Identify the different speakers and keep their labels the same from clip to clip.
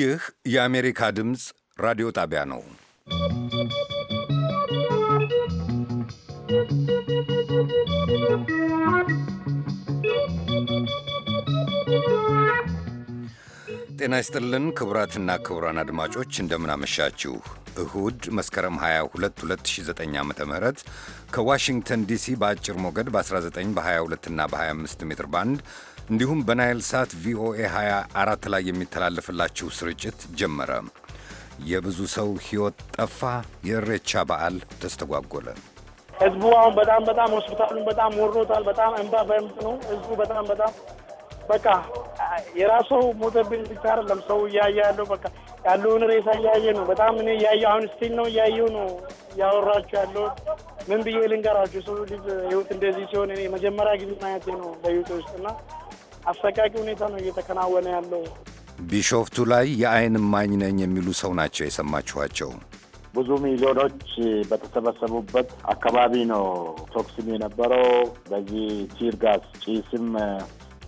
Speaker 1: ይህ የአሜሪካ ድምፅ ራዲዮ ጣቢያ ነው። ጤና ይስጥልን ክቡራትና ክቡራን አድማጮች እንደምናመሻችሁ። እሁድ መስከረም 22 2009 ዓ ም ከዋሽንግተን ዲሲ በአጭር ሞገድ በ19 በ22ና በ25 ሜትር ባንድ እንዲሁም በናይል ሳት ቪኦኤ 24 ላይ የሚተላለፍላችሁ ስርጭት ጀመረ። የብዙ ሰው ሕይወት ጠፋ። የእሬቻ በዓል ተስተጓጎለ።
Speaker 2: ህዝቡ አሁን በጣም በጣም ሆስፒታሉን በጣም ወሮታል። በጣም እንባ በእምባ ነው ህዝቡ በጣም በጣም በቃ የራሱ ሞተብን ብቻ አይደለም ሰው እያየ ያለው በቃ ያለውን ሬሳ እያየ ነው። በጣም እኔ እያየ አሁን ስቲል ነው እያየው ነው እያወራችሁ ያለው ምን ብዬ ልንገራችሁ። ሰው ልጅ ህይወት እንደዚህ ሲሆን እኔ መጀመሪያ ጊዜ ማየቴ ነው በህይወት ውስጥ እና አሰቃቂ ሁኔታ ነው እየተከናወነ ያለው።
Speaker 1: ቢሾፍቱ ላይ የአይን እማኝ ነኝ የሚሉ ሰው ናቸው የሰማችኋቸው።
Speaker 3: ብዙ ሚሊዮኖች በተሰበሰቡበት አካባቢ ነው ቶክስም የነበረው። በዚህ ቲርጋስ ጭስም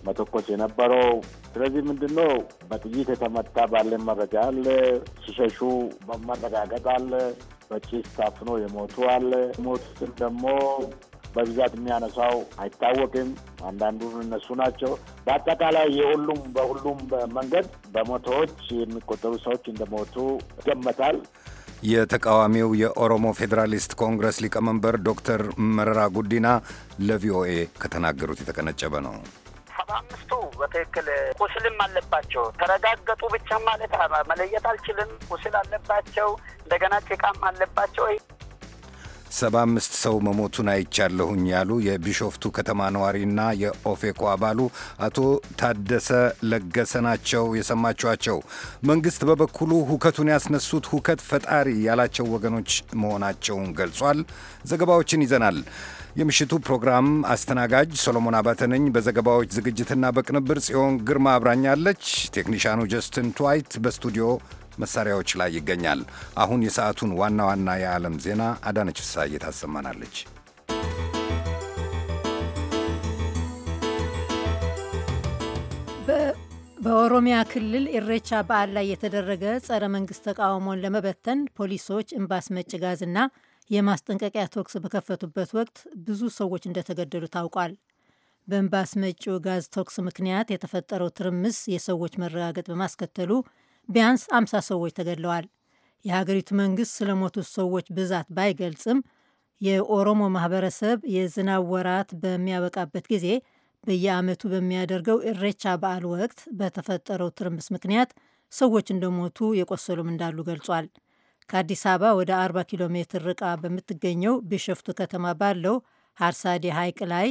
Speaker 3: መተኮስ የነበረው። ስለዚህ ምንድን ነው በጥይት የተመታ ባለ መረጃ አለ፣ ሲሸሹ መረጋገጥ አለ፣ በጭስ ታፍኖ የሞቱ አለ። ሞቱትም ደግሞ በብዛት የሚያነሳው አይታወቅም። አንዳንዱን እነሱ ናቸው። በአጠቃላይ የሁሉም በሁሉም መንገድ በመቶዎች የሚቆጠሩ ሰዎች እንደሞቱ ይገመታል።
Speaker 1: የተቃዋሚው የኦሮሞ ፌዴራሊስት ኮንግረስ ሊቀመንበር ዶክተር መረራ ጉዲና ለቪኦኤ ከተናገሩት የተቀነጨበ ነው።
Speaker 4: ሰባ አምስቱ በትክክል ቁስልም አለባቸው ተረጋገጡ ብቻ ማለት መለየት አልችልም። ቁስል አለባቸው እንደገና ጭቃም አለባቸው
Speaker 1: ሰባ አምስት ሰው መሞቱን አይቻለሁኝ ያሉ የቢሾፍቱ ከተማ ነዋሪና የኦፌኮ አባሉ አቶ ታደሰ ለገሰ ናቸው የሰማችኋቸው። መንግሥት በበኩሉ ሁከቱን ያስነሱት ሁከት ፈጣሪ ያላቸው ወገኖች መሆናቸውን ገልጿል። ዘገባዎችን ይዘናል። የምሽቱ ፕሮግራም አስተናጋጅ ሶሎሞን አባተነኝ። በዘገባዎች ዝግጅትና በቅንብር ጽዮን ግርማ አብራኛለች። ቴክኒሻኑ ጀስትን ትዋይት በስቱዲዮ መሳሪያዎች ላይ ይገኛል። አሁን የሰዓቱን ዋና ዋና የዓለም ዜና አዳነች ፍሳዬ ታሰማናለች።
Speaker 5: በኦሮሚያ ክልል ኢሬቻ በዓል ላይ የተደረገ ጸረ መንግስት ተቃውሞን ለመበተን ፖሊሶች እምባ አስመጪ ጋዝና የማስጠንቀቂያ ተኩስ በከፈቱበት ወቅት ብዙ ሰዎች እንደተገደሉ ታውቋል። በእምባስ መጪው ጋዝ ተኩስ ምክንያት የተፈጠረው ትርምስ የሰዎች መረጋገጥ በማስከተሉ ቢያንስ 50 ሰዎች ተገድለዋል። የሀገሪቱ መንግስት ስለሞቱት ሰዎች ብዛት ባይገልጽም የኦሮሞ ማህበረሰብ የዝናብ ወራት በሚያበቃበት ጊዜ በየአመቱ በሚያደርገው እሬቻ በዓል ወቅት በተፈጠረው ትርምስ ምክንያት ሰዎች እንደሞቱ የቆሰሉም እንዳሉ ገልጿል። ከአዲስ አበባ ወደ 40 ኪሎ ሜትር ርቃ በምትገኘው ቢሸፍቱ ከተማ ባለው ሀርሳዴ ሐይቅ ላይ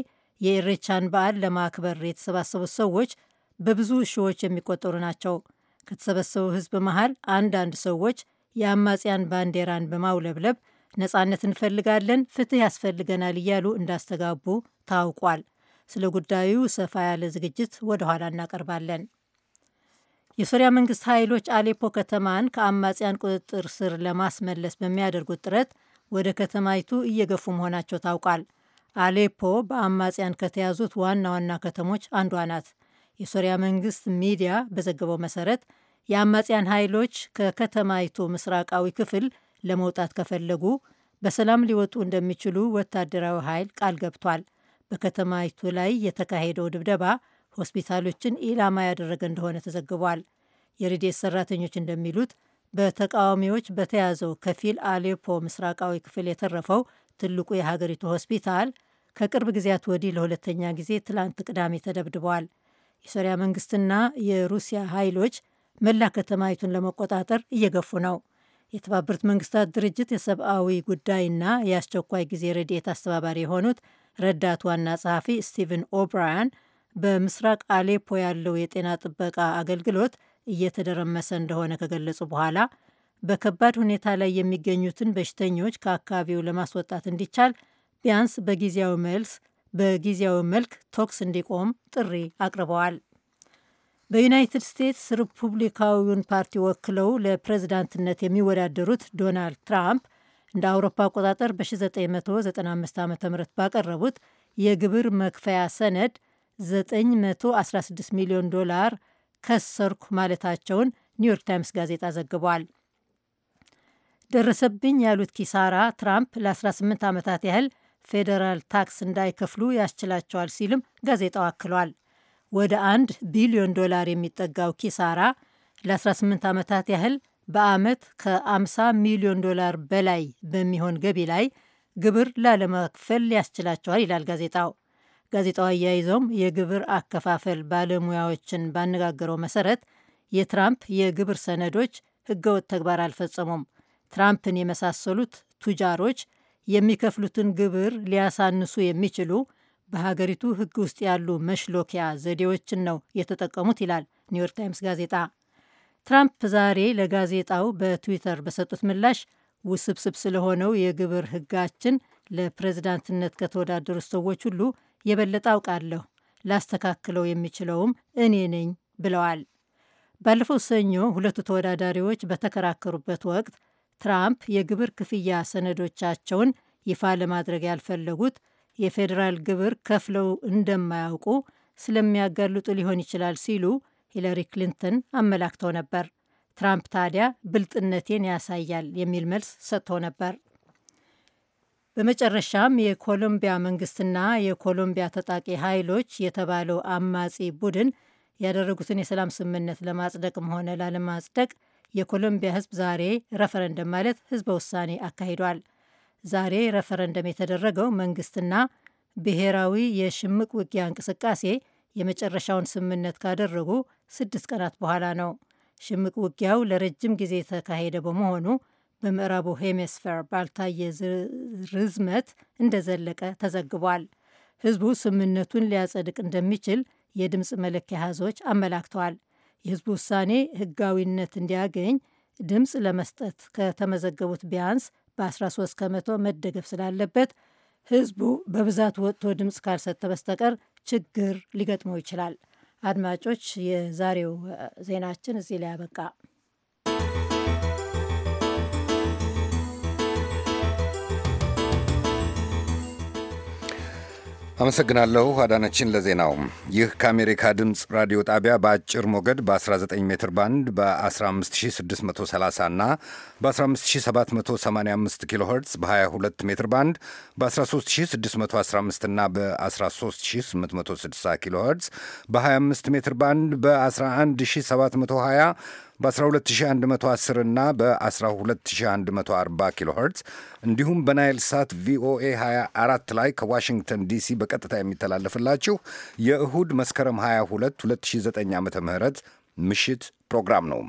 Speaker 5: የእሬቻን በዓል ለማክበር የተሰባሰቡት ሰዎች በብዙ ሺዎች የሚቆጠሩ ናቸው። ከተሰበሰበው ህዝብ መሃል አንዳንድ ሰዎች የአማጽያን ባንዲራን በማውለብለብ ነጻነት እንፈልጋለን፣ ፍትህ ያስፈልገናል እያሉ እንዳስተጋቡ ታውቋል። ስለ ጉዳዩ ሰፋ ያለ ዝግጅት ወደ ኋላ እናቀርባለን። የሶሪያ መንግስት ኃይሎች አሌፖ ከተማን ከአማጽያን ቁጥጥር ስር ለማስመለስ በሚያደርጉት ጥረት ወደ ከተማይቱ እየገፉ መሆናቸው ታውቋል። አሌፖ በአማጽያን ከተያዙት ዋና ዋና ከተሞች አንዷ ናት። የሶሪያ መንግስት ሚዲያ በዘገበው መሰረት የአማጽያን ኃይሎች ከከተማይቱ ምስራቃዊ ክፍል ለመውጣት ከፈለጉ በሰላም ሊወጡ እንደሚችሉ ወታደራዊ ኃይል ቃል ገብቷል። በከተማይቱ ላይ የተካሄደው ድብደባ ሆስፒታሎችን ኢላማ ያደረገ እንደሆነ ተዘግቧል። የረድኤት ሰራተኞች እንደሚሉት በተቃዋሚዎች በተያዘው ከፊል አሌፖ ምስራቃዊ ክፍል የተረፈው ትልቁ የሀገሪቱ ሆስፒታል ከቅርብ ጊዜያት ወዲህ ለሁለተኛ ጊዜ ትላንት ቅዳሜ ተደብድበዋል። የሶሪያ መንግስትና የሩሲያ ኃይሎች መላ ከተማይቱን ለመቆጣጠር እየገፉ ነው። የተባበሩት መንግስታት ድርጅት የሰብአዊ ጉዳይና የአስቸኳይ ጊዜ ረድኤት አስተባባሪ የሆኑት ረዳት ዋና ጸሐፊ ስቲቨን ኦብራያን በምስራቅ አሌፖ ያለው የጤና ጥበቃ አገልግሎት እየተደረመሰ እንደሆነ ከገለጹ በኋላ በከባድ ሁኔታ ላይ የሚገኙትን በሽተኞች ከአካባቢው ለማስወጣት እንዲቻል ቢያንስ በጊዜያዊ መልስ በጊዜያዊ መልክ ተኩስ እንዲቆም ጥሪ አቅርበዋል። በዩናይትድ ስቴትስ ሪፑብሊካዊውን ፓርቲ ወክለው ለፕሬዝዳንትነት የሚወዳደሩት ዶናልድ ትራምፕ እንደ አውሮፓ አቆጣጠር በ1995 ዓ ም ባቀረቡት የግብር መክፈያ ሰነድ 916 ሚሊዮን ዶላር ከሰርኩ ማለታቸውን ኒውዮርክ ታይምስ ጋዜጣ ዘግቧል። ደረሰብኝ ያሉት ኪሳራ ትራምፕ ለ18 ዓመታት ያህል ፌዴራል ታክስ እንዳይከፍሉ ያስችላቸዋል ሲልም ጋዜጣው አክሏል። ወደ አንድ ቢሊዮን ዶላር የሚጠጋው ኪሳራ ለ18 ዓመታት ያህል በአመት ከ50 ሚሊዮን ዶላር በላይ በሚሆን ገቢ ላይ ግብር ላለመክፈል ያስችላቸዋል ይላል ጋዜጣው። ጋዜጣው አያይዘውም የግብር አከፋፈል ባለሙያዎችን ባነጋገረው መሰረት የትራምፕ የግብር ሰነዶች ህገወጥ ተግባር አልፈጸሙም። ትራምፕን የመሳሰሉት ቱጃሮች የሚከፍሉትን ግብር ሊያሳንሱ የሚችሉ በሀገሪቱ ሕግ ውስጥ ያሉ መሽሎኪያ ዘዴዎችን ነው የተጠቀሙት ይላል ኒውዮርክ ታይምስ ጋዜጣ። ትራምፕ ዛሬ ለጋዜጣው በትዊተር በሰጡት ምላሽ ውስብስብ ስለሆነው የግብር ሕጋችን ለፕሬዝዳንትነት ከተወዳደሩት ሰዎች ሁሉ የበለጠ አውቃለሁ፣ ላስተካክለው የሚችለውም እኔ ነኝ ብለዋል። ባለፈው ሰኞ ሁለቱ ተወዳዳሪዎች በተከራከሩበት ወቅት ትራምፕ የግብር ክፍያ ሰነዶቻቸውን ይፋ ለማድረግ ያልፈለጉት የፌዴራል ግብር ከፍለው እንደማያውቁ ስለሚያጋልጡ ሊሆን ይችላል ሲሉ ሂለሪ ክሊንተን አመላክተው ነበር። ትራምፕ ታዲያ ብልጥነቴን ያሳያል የሚል መልስ ሰጥተው ነበር። በመጨረሻም የኮሎምቢያ መንግስትና የኮሎምቢያ ታጣቂ ኃይሎች የተባለው አማጺ ቡድን ያደረጉትን የሰላም ስምምነት ለማጽደቅም ሆነ ላለማጽደቅ የኮሎምቢያ ህዝብ ዛሬ ረፈረንደም ማለት ህዝበ ውሳኔ አካሂዷል። ዛሬ ረፈረንደም የተደረገው መንግስትና ብሔራዊ የሽምቅ ውጊያ እንቅስቃሴ የመጨረሻውን ስምምነት ካደረጉ ስድስት ቀናት በኋላ ነው። ሽምቅ ውጊያው ለረጅም ጊዜ የተካሄደ በመሆኑ በምዕራቡ ሄሚስፌር ባልታየ ርዝመት እንደዘለቀ ተዘግቧል። ህዝቡ ስምምነቱን ሊያጸድቅ እንደሚችል የድምፅ መለኪያ አሃዞች አመላክተዋል። የህዝቡ ውሳኔ ህጋዊነት እንዲያገኝ ድምፅ ለመስጠት ከተመዘገቡት ቢያንስ በ13 ከመቶ መደገፍ ስላለበት ህዝቡ በብዛት ወጥቶ ድምፅ ካልሰጠ በስተቀር ችግር ሊገጥመው ይችላል። አድማጮች፣ የዛሬው ዜናችን እዚህ ላይ አበቃ።
Speaker 1: አመሰግናለሁ አዳነችን ለዜናው። ይህ ከአሜሪካ ድምፅ ራዲዮ ጣቢያ በአጭር ሞገድ በ19 ሜትር ባንድ በ15630 እና በ15785 ኪሎ ኸርትዝ በ22 ሜትር ባንድ በ13615 እና በ13860 ኪሎ ኸርትዝ በ25 ሜትር ባንድ በ11720 በ12110 እና በ12140 ኪሎ ኸርትዝ እንዲሁም በናይል ሳት ቪኦኤ 24 ላይ ከዋሽንግተን ዲሲ በቀጥታ የሚተላለፍላችሁ የእሁድ መስከረም 22 2009 ዓ ም ምሽት ፕሮግራም ነው።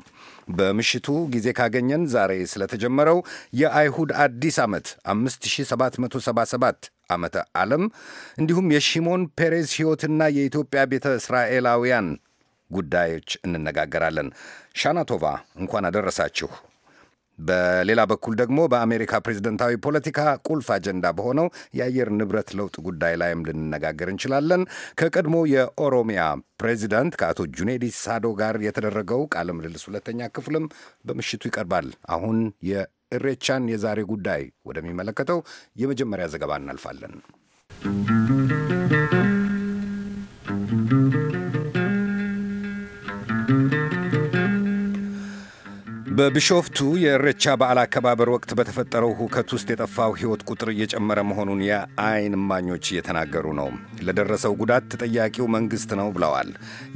Speaker 1: በምሽቱ ጊዜ ካገኘን ዛሬ ስለተጀመረው የአይሁድ አዲስ ዓመት 5777 ዓመተ ዓለም እንዲሁም የሺሞን ፔሬዝ ሕይወትና የኢትዮጵያ ቤተ እስራኤላውያን ጉዳዮች እንነጋገራለን። ሻናቶቫ እንኳን አደረሳችሁ። በሌላ በኩል ደግሞ በአሜሪካ ፕሬዝደንታዊ ፖለቲካ ቁልፍ አጀንዳ በሆነው የአየር ንብረት ለውጥ ጉዳይ ላይም ልንነጋገር እንችላለን። ከቀድሞ የኦሮሚያ ፕሬዚደንት ከአቶ ጁኔዲ ሳዶ ጋር የተደረገው ቃለ ምልልስ ሁለተኛ ክፍልም በምሽቱ ይቀርባል። አሁን የእሬቻን የዛሬ ጉዳይ ወደሚመለከተው የመጀመሪያ ዘገባ እናልፋለን። በቢሾፍቱ የእሬቻ በዓል አከባበር ወቅት በተፈጠረው ሁከት ውስጥ የጠፋው ሕይወት ቁጥር እየጨመረ መሆኑን የአይን እማኞች እየተናገሩ ነው። ለደረሰው ጉዳት ተጠያቂው መንግሥት ነው ብለዋል።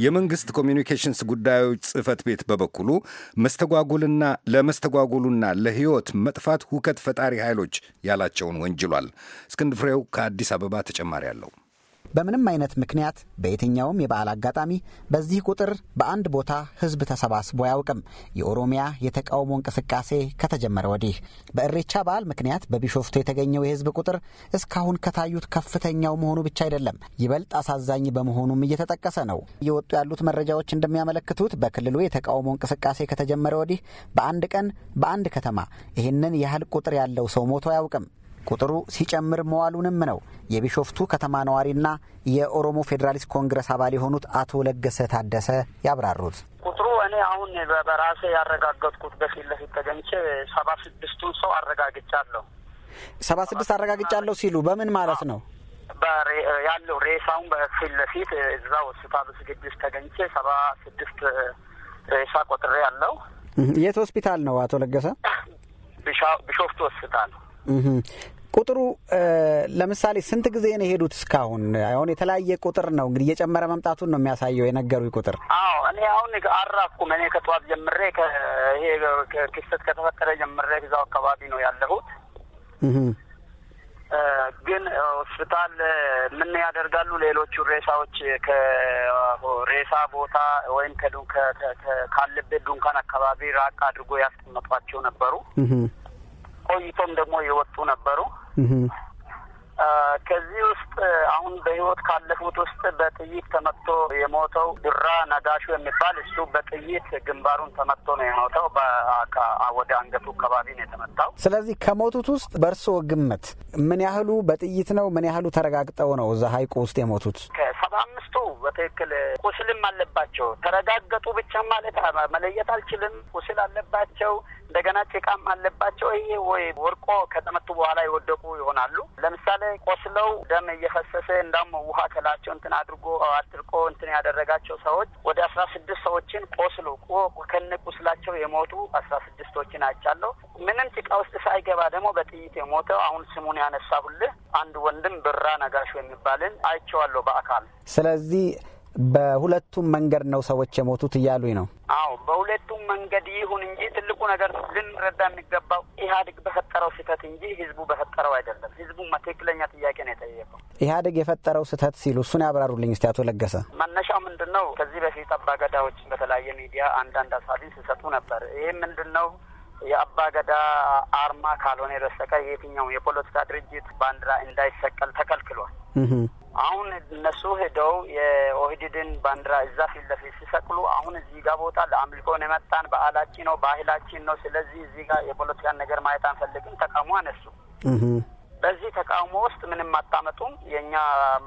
Speaker 1: የመንግሥት ኮሚኒኬሽንስ ጉዳዮች ጽህፈት ቤት በበኩሉ መስተጓጉልና ለመስተጓጉሉና ለሕይወት መጥፋት ሁከት ፈጣሪ ኃይሎች ያላቸውን ወንጅሏል። እስክንድር ፍሬው ከአዲስ አበባ ተጨማሪ አለው።
Speaker 6: በምንም አይነት ምክንያት በየትኛውም የበዓል አጋጣሚ በዚህ ቁጥር በአንድ ቦታ ህዝብ ተሰባስቦ አያውቅም። የኦሮሚያ የተቃውሞ እንቅስቃሴ ከተጀመረ ወዲህ በእሬቻ በዓል ምክንያት በቢሾፍቱ የተገኘው የህዝብ ቁጥር እስካሁን ከታዩት ከፍተኛው መሆኑ ብቻ አይደለም፣ ይበልጥ አሳዛኝ በመሆኑም እየተጠቀሰ ነው። እየወጡ ያሉት መረጃዎች እንደሚያመለክቱት በክልሉ የተቃውሞ እንቅስቃሴ ከተጀመረ ወዲህ በአንድ ቀን በአንድ ከተማ ይህንን ያህል ቁጥር ያለው ሰው ሞቶ አያውቅም። ቁጥሩ ሲጨምር መዋሉንም ነው የቢሾፍቱ ከተማ ነዋሪና የኦሮሞ ፌዴራሊስት ኮንግረስ አባል የሆኑት አቶ ለገሰ ታደሰ ያብራሩት።
Speaker 4: ቁጥሩ እኔ አሁን በራሴ ያረጋገጥኩት በፊት ለፊት ተገኝቼ ሰባ ስድስቱን ሰው አረጋግጫለሁ።
Speaker 6: ሰባ ስድስት አረጋግጫለሁ ሲሉ በምን ማለት ነው?
Speaker 4: ያለው ሬሳውን በፊት ለፊት እዛ ሆስፒታል ውስጥ ተገኝቼ ሰባ ስድስት ሬሳ ቆጥሬ ያለው።
Speaker 6: የት ሆስፒታል ነው አቶ ለገሰ?
Speaker 4: ቢሾፍቱ ሆስፒታል።
Speaker 6: ቁጥሩ ለምሳሌ ስንት ጊዜ ነው የሄዱት? እስካሁን አሁን የተለያየ ቁጥር ነው እንግዲህ እየጨመረ መምጣቱን ነው የሚያሳየው የነገሩ ቁጥር።
Speaker 4: አዎ እኔ አሁን አራኩም እኔ ከጠዋት ጀምሬ ይሄ ክስተት ከተፈጠረ ጀምሬ እዛው አካባቢ ነው ያለሁት። ግን ሆስፒታል ምን ያደርጋሉ? ሌሎቹ ሬሳዎች ከሬሳ ቦታ ወይም ካለበት ድንኳን አካባቢ ራቅ አድርጎ ያስቀመጧቸው ነበሩ። ቆይቶም ደግሞ የወጡ ነበሩ። ከዚህ ውስጥ አሁን በህይወት ካለፉት ውስጥ በጥይት ተመቶ የሞተው ድራ ነጋሹ የሚባል እሱ በጥይት ግንባሩን ተመቶ ነው የሞተው። ወደ አንገቱ አካባቢ ነው የተመታው።
Speaker 6: ስለዚህ ከሞቱት ውስጥ በእርስዎ ግምት ምን ያህሉ በጥይት ነው? ምን ያህሉ ተረጋግጠው ነው እዛ ሀይቁ ውስጥ የሞቱት?
Speaker 4: ከሰባ አምስቱ በትክክል ቁስልም አለባቸው። ተረጋገጡ ብቻ ማለት መለየት አልችልም። ቁስል አለባቸው። እንደገና ጭቃም አለባቸው። ይሄ ወይ ወርቆ ከተመቱ በኋላ የወደቁ ይሆናሉ። ለምሳሌ ቆስለው ደም እየፈሰሰ እንዳውም ውሃ ከላቸው እንትን አድርጎ አድርቆ እንትን ያደረጋቸው ሰዎች ወደ አስራ ስድስት ሰዎችን ቆስሉ ከነ ቁስላቸው የሞቱ አስራ ስድስቶችን አይቻለሁ። ምንም ጭቃ ውስጥ ሳይገባ ደግሞ በጥይት የሞተው አሁን ስሙን ያነሳሁልህ አንድ ወንድም ብራ ነጋሽ የሚባልን አይቼዋለሁ በአካል
Speaker 6: ስለዚህ በሁለቱም መንገድ ነው ሰዎች የሞቱት እያሉኝ ነው።
Speaker 4: አዎ በሁለቱም መንገድ ይሁን እንጂ ትልቁ ነገር ልንረዳ የሚገባው ኢህአዴግ በፈጠረው ስህተት እንጂ ህዝቡ በፈጠረው አይደለም። ህዝቡ ትክክለኛ ጥያቄ ነው የጠየቀው።
Speaker 6: ኢህአዴግ የፈጠረው ስህተት ሲሉ እሱን ያብራሩልኝ እስቲ አቶ ለገሰ።
Speaker 4: መነሻው ምንድን ነው? ከዚህ በፊት አባገዳዎች በተለያየ ሚዲያ አንዳንድ አሳቢ ሲሰጡ ነበር። ይህ ምንድን ነው የአባ ገዳ አርማ ካልሆነ የረሰቀ የትኛው የፖለቲካ ድርጅት ባንዲራ እንዳይሰቀል ተከልክሏል። አሁን እነሱ ሄደው የኦህዲድን ባንዲራ እዛ ፊት ለፊት ሲሰቅሉ አሁን እዚህ ጋር ቦታ ለአምልኮን የመጣን በዓላችን ነው፣ ባህላችን ነው። ስለዚህ እዚህ ጋር የፖለቲካን ነገር ማየት አንፈልግም። ተቃውሞ አነሱ። በዚህ ተቃውሞ ውስጥ ምንም አታመጡም፣ የእኛ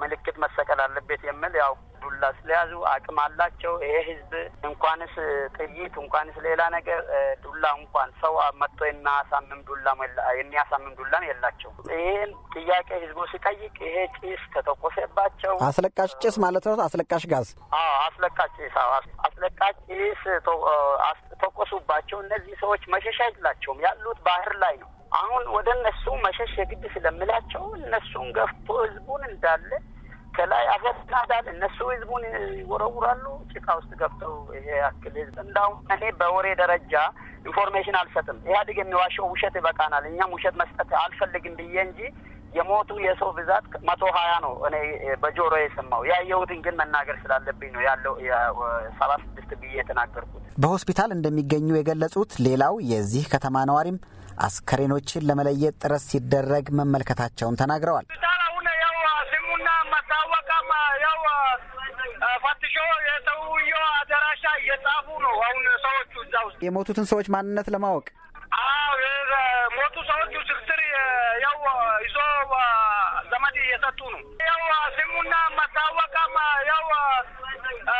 Speaker 4: ምልክት መሰቀል አለበት የሚል ያው ዱላ ስለያዙ አቅም አላቸው። ይሄ ህዝብ እንኳንስ ጥይት እንኳንስ ሌላ ነገር ዱላ እንኳን ሰው መጥቶ የሚያሳምም ዱላ የሚያሳምም ዱላም የላቸው። ይህን ጥያቄ ህዝቡ ሲጠይቅ ይሄ ጭስ ተተኮሰባቸው።
Speaker 6: አስለቃሽ ጭስ ማለት ነው። አስለቃሽ ጋዝ፣
Speaker 4: አስለቃሽ ጭስ፣ አስለቃሽ ጭስ ተኮሱባቸው። እነዚህ ሰዎች መሸሻ የላቸውም፣ ያሉት ባህር ላይ ነው። አሁን ወደ እነሱ መሸሽ የግድ ስለምላቸው እነሱን ገፍቶ ህዝቡን እንዳለ ከላይ አገናዳል። እነሱ ህዝቡን ይወረውራሉ። ጭቃ ውስጥ ገብተው ይሄ ያክል ህዝብ እንዳሁም እኔ በወሬ ደረጃ ኢንፎርሜሽን አልሰጥም። ኢህአዴግ የሚዋሸው ውሸት ይበቃናል፣ እኛም ውሸት መስጠት አልፈልግም ብዬ እንጂ የሞቱ የሰው ብዛት መቶ ሀያ ነው። እኔ በጆሮ የሰማው ያየሁትን ግን መናገር ስላለብኝ ነው ያለው ሰባ ስድስት ብዬ የተናገርኩት።
Speaker 6: በሆስፒታል እንደሚገኙ የገለጹት ሌላው የዚህ ከተማ ነዋሪም አስከሬኖችን ለመለየት ጥረት ሲደረግ መመልከታቸውን ተናግረዋል።
Speaker 4: ስሙና መታወቅም ያው ፈትሾ የሰውየ አደራሻ እየጻፉ ነው አሁን ሰዎቹ እዛ ውስጥ የሞቱትን ሰዎች
Speaker 6: ማንነት ለማወቅ
Speaker 4: ሞቱ ሰዎቹ ስርስር ያው ይዞ ዘመድ እየሰጡ ነው። ያው ስሙና መታወቅም ያው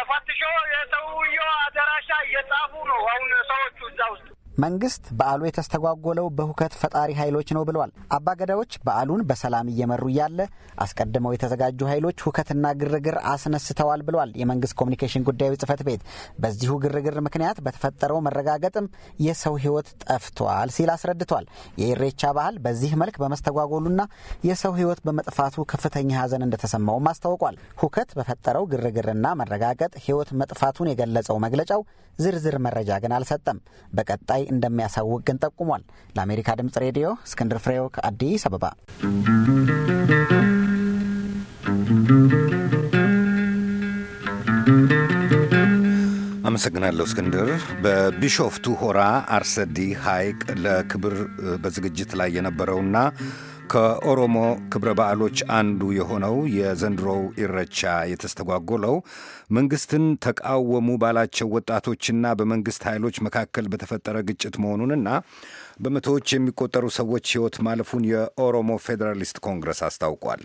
Speaker 4: ፈትሾ የሰውየ አደራሻ እየጻፉ ነው አሁን ሰዎቹ እዛ
Speaker 6: ውስጥ መንግስት በዓሉ የተስተጓጎለው በሁከት ፈጣሪ ኃይሎች ነው ብለዋል። አባ ገዳዎች በዓሉን በሰላም እየመሩ እያለ አስቀድመው የተዘጋጁ ኃይሎች ሁከትና ግርግር አስነስተዋል ብለዋል የመንግስት ኮሚኒኬሽን ጉዳዮች ጽህፈት ቤት። በዚሁ ግርግር ምክንያት በተፈጠረው መረጋገጥም የሰው ህይወት ጠፍቷል ሲል አስረድቷል። የኢሬቻ በዓል በዚህ መልክ በመስተጓጎሉና የሰው ህይወት በመጥፋቱ ከፍተኛ ሀዘን እንደተሰማውም አስታውቋል። ሁከት በፈጠረው ግርግርና መረጋገጥ ህይወት መጥፋቱን የገለጸው መግለጫው ዝርዝር መረጃ ግን አልሰጠም። በቀጣይ እንደሚያሳውቅ ግን ጠቁሟል። ለአሜሪካ ድምጽ ሬዲዮ እስክንድር ፍሬው ከአዲስ አበባ።
Speaker 1: አመሰግናለሁ እስክንድር። በቢሾፍቱ ሆራ አርሰዲ ሐይቅ ለክብር በዝግጅት ላይ የነበረውና ከኦሮሞ ክብረ በዓሎች አንዱ የሆነው የዘንድሮው ኢረቻ የተስተጓጎለው መንግስትን ተቃወሙ ባላቸው ወጣቶችና በመንግስት ኃይሎች መካከል በተፈጠረ ግጭት መሆኑንና በመቶዎች የሚቆጠሩ ሰዎች ሕይወት ማለፉን የኦሮሞ ፌዴራሊስት ኮንግረስ አስታውቋል።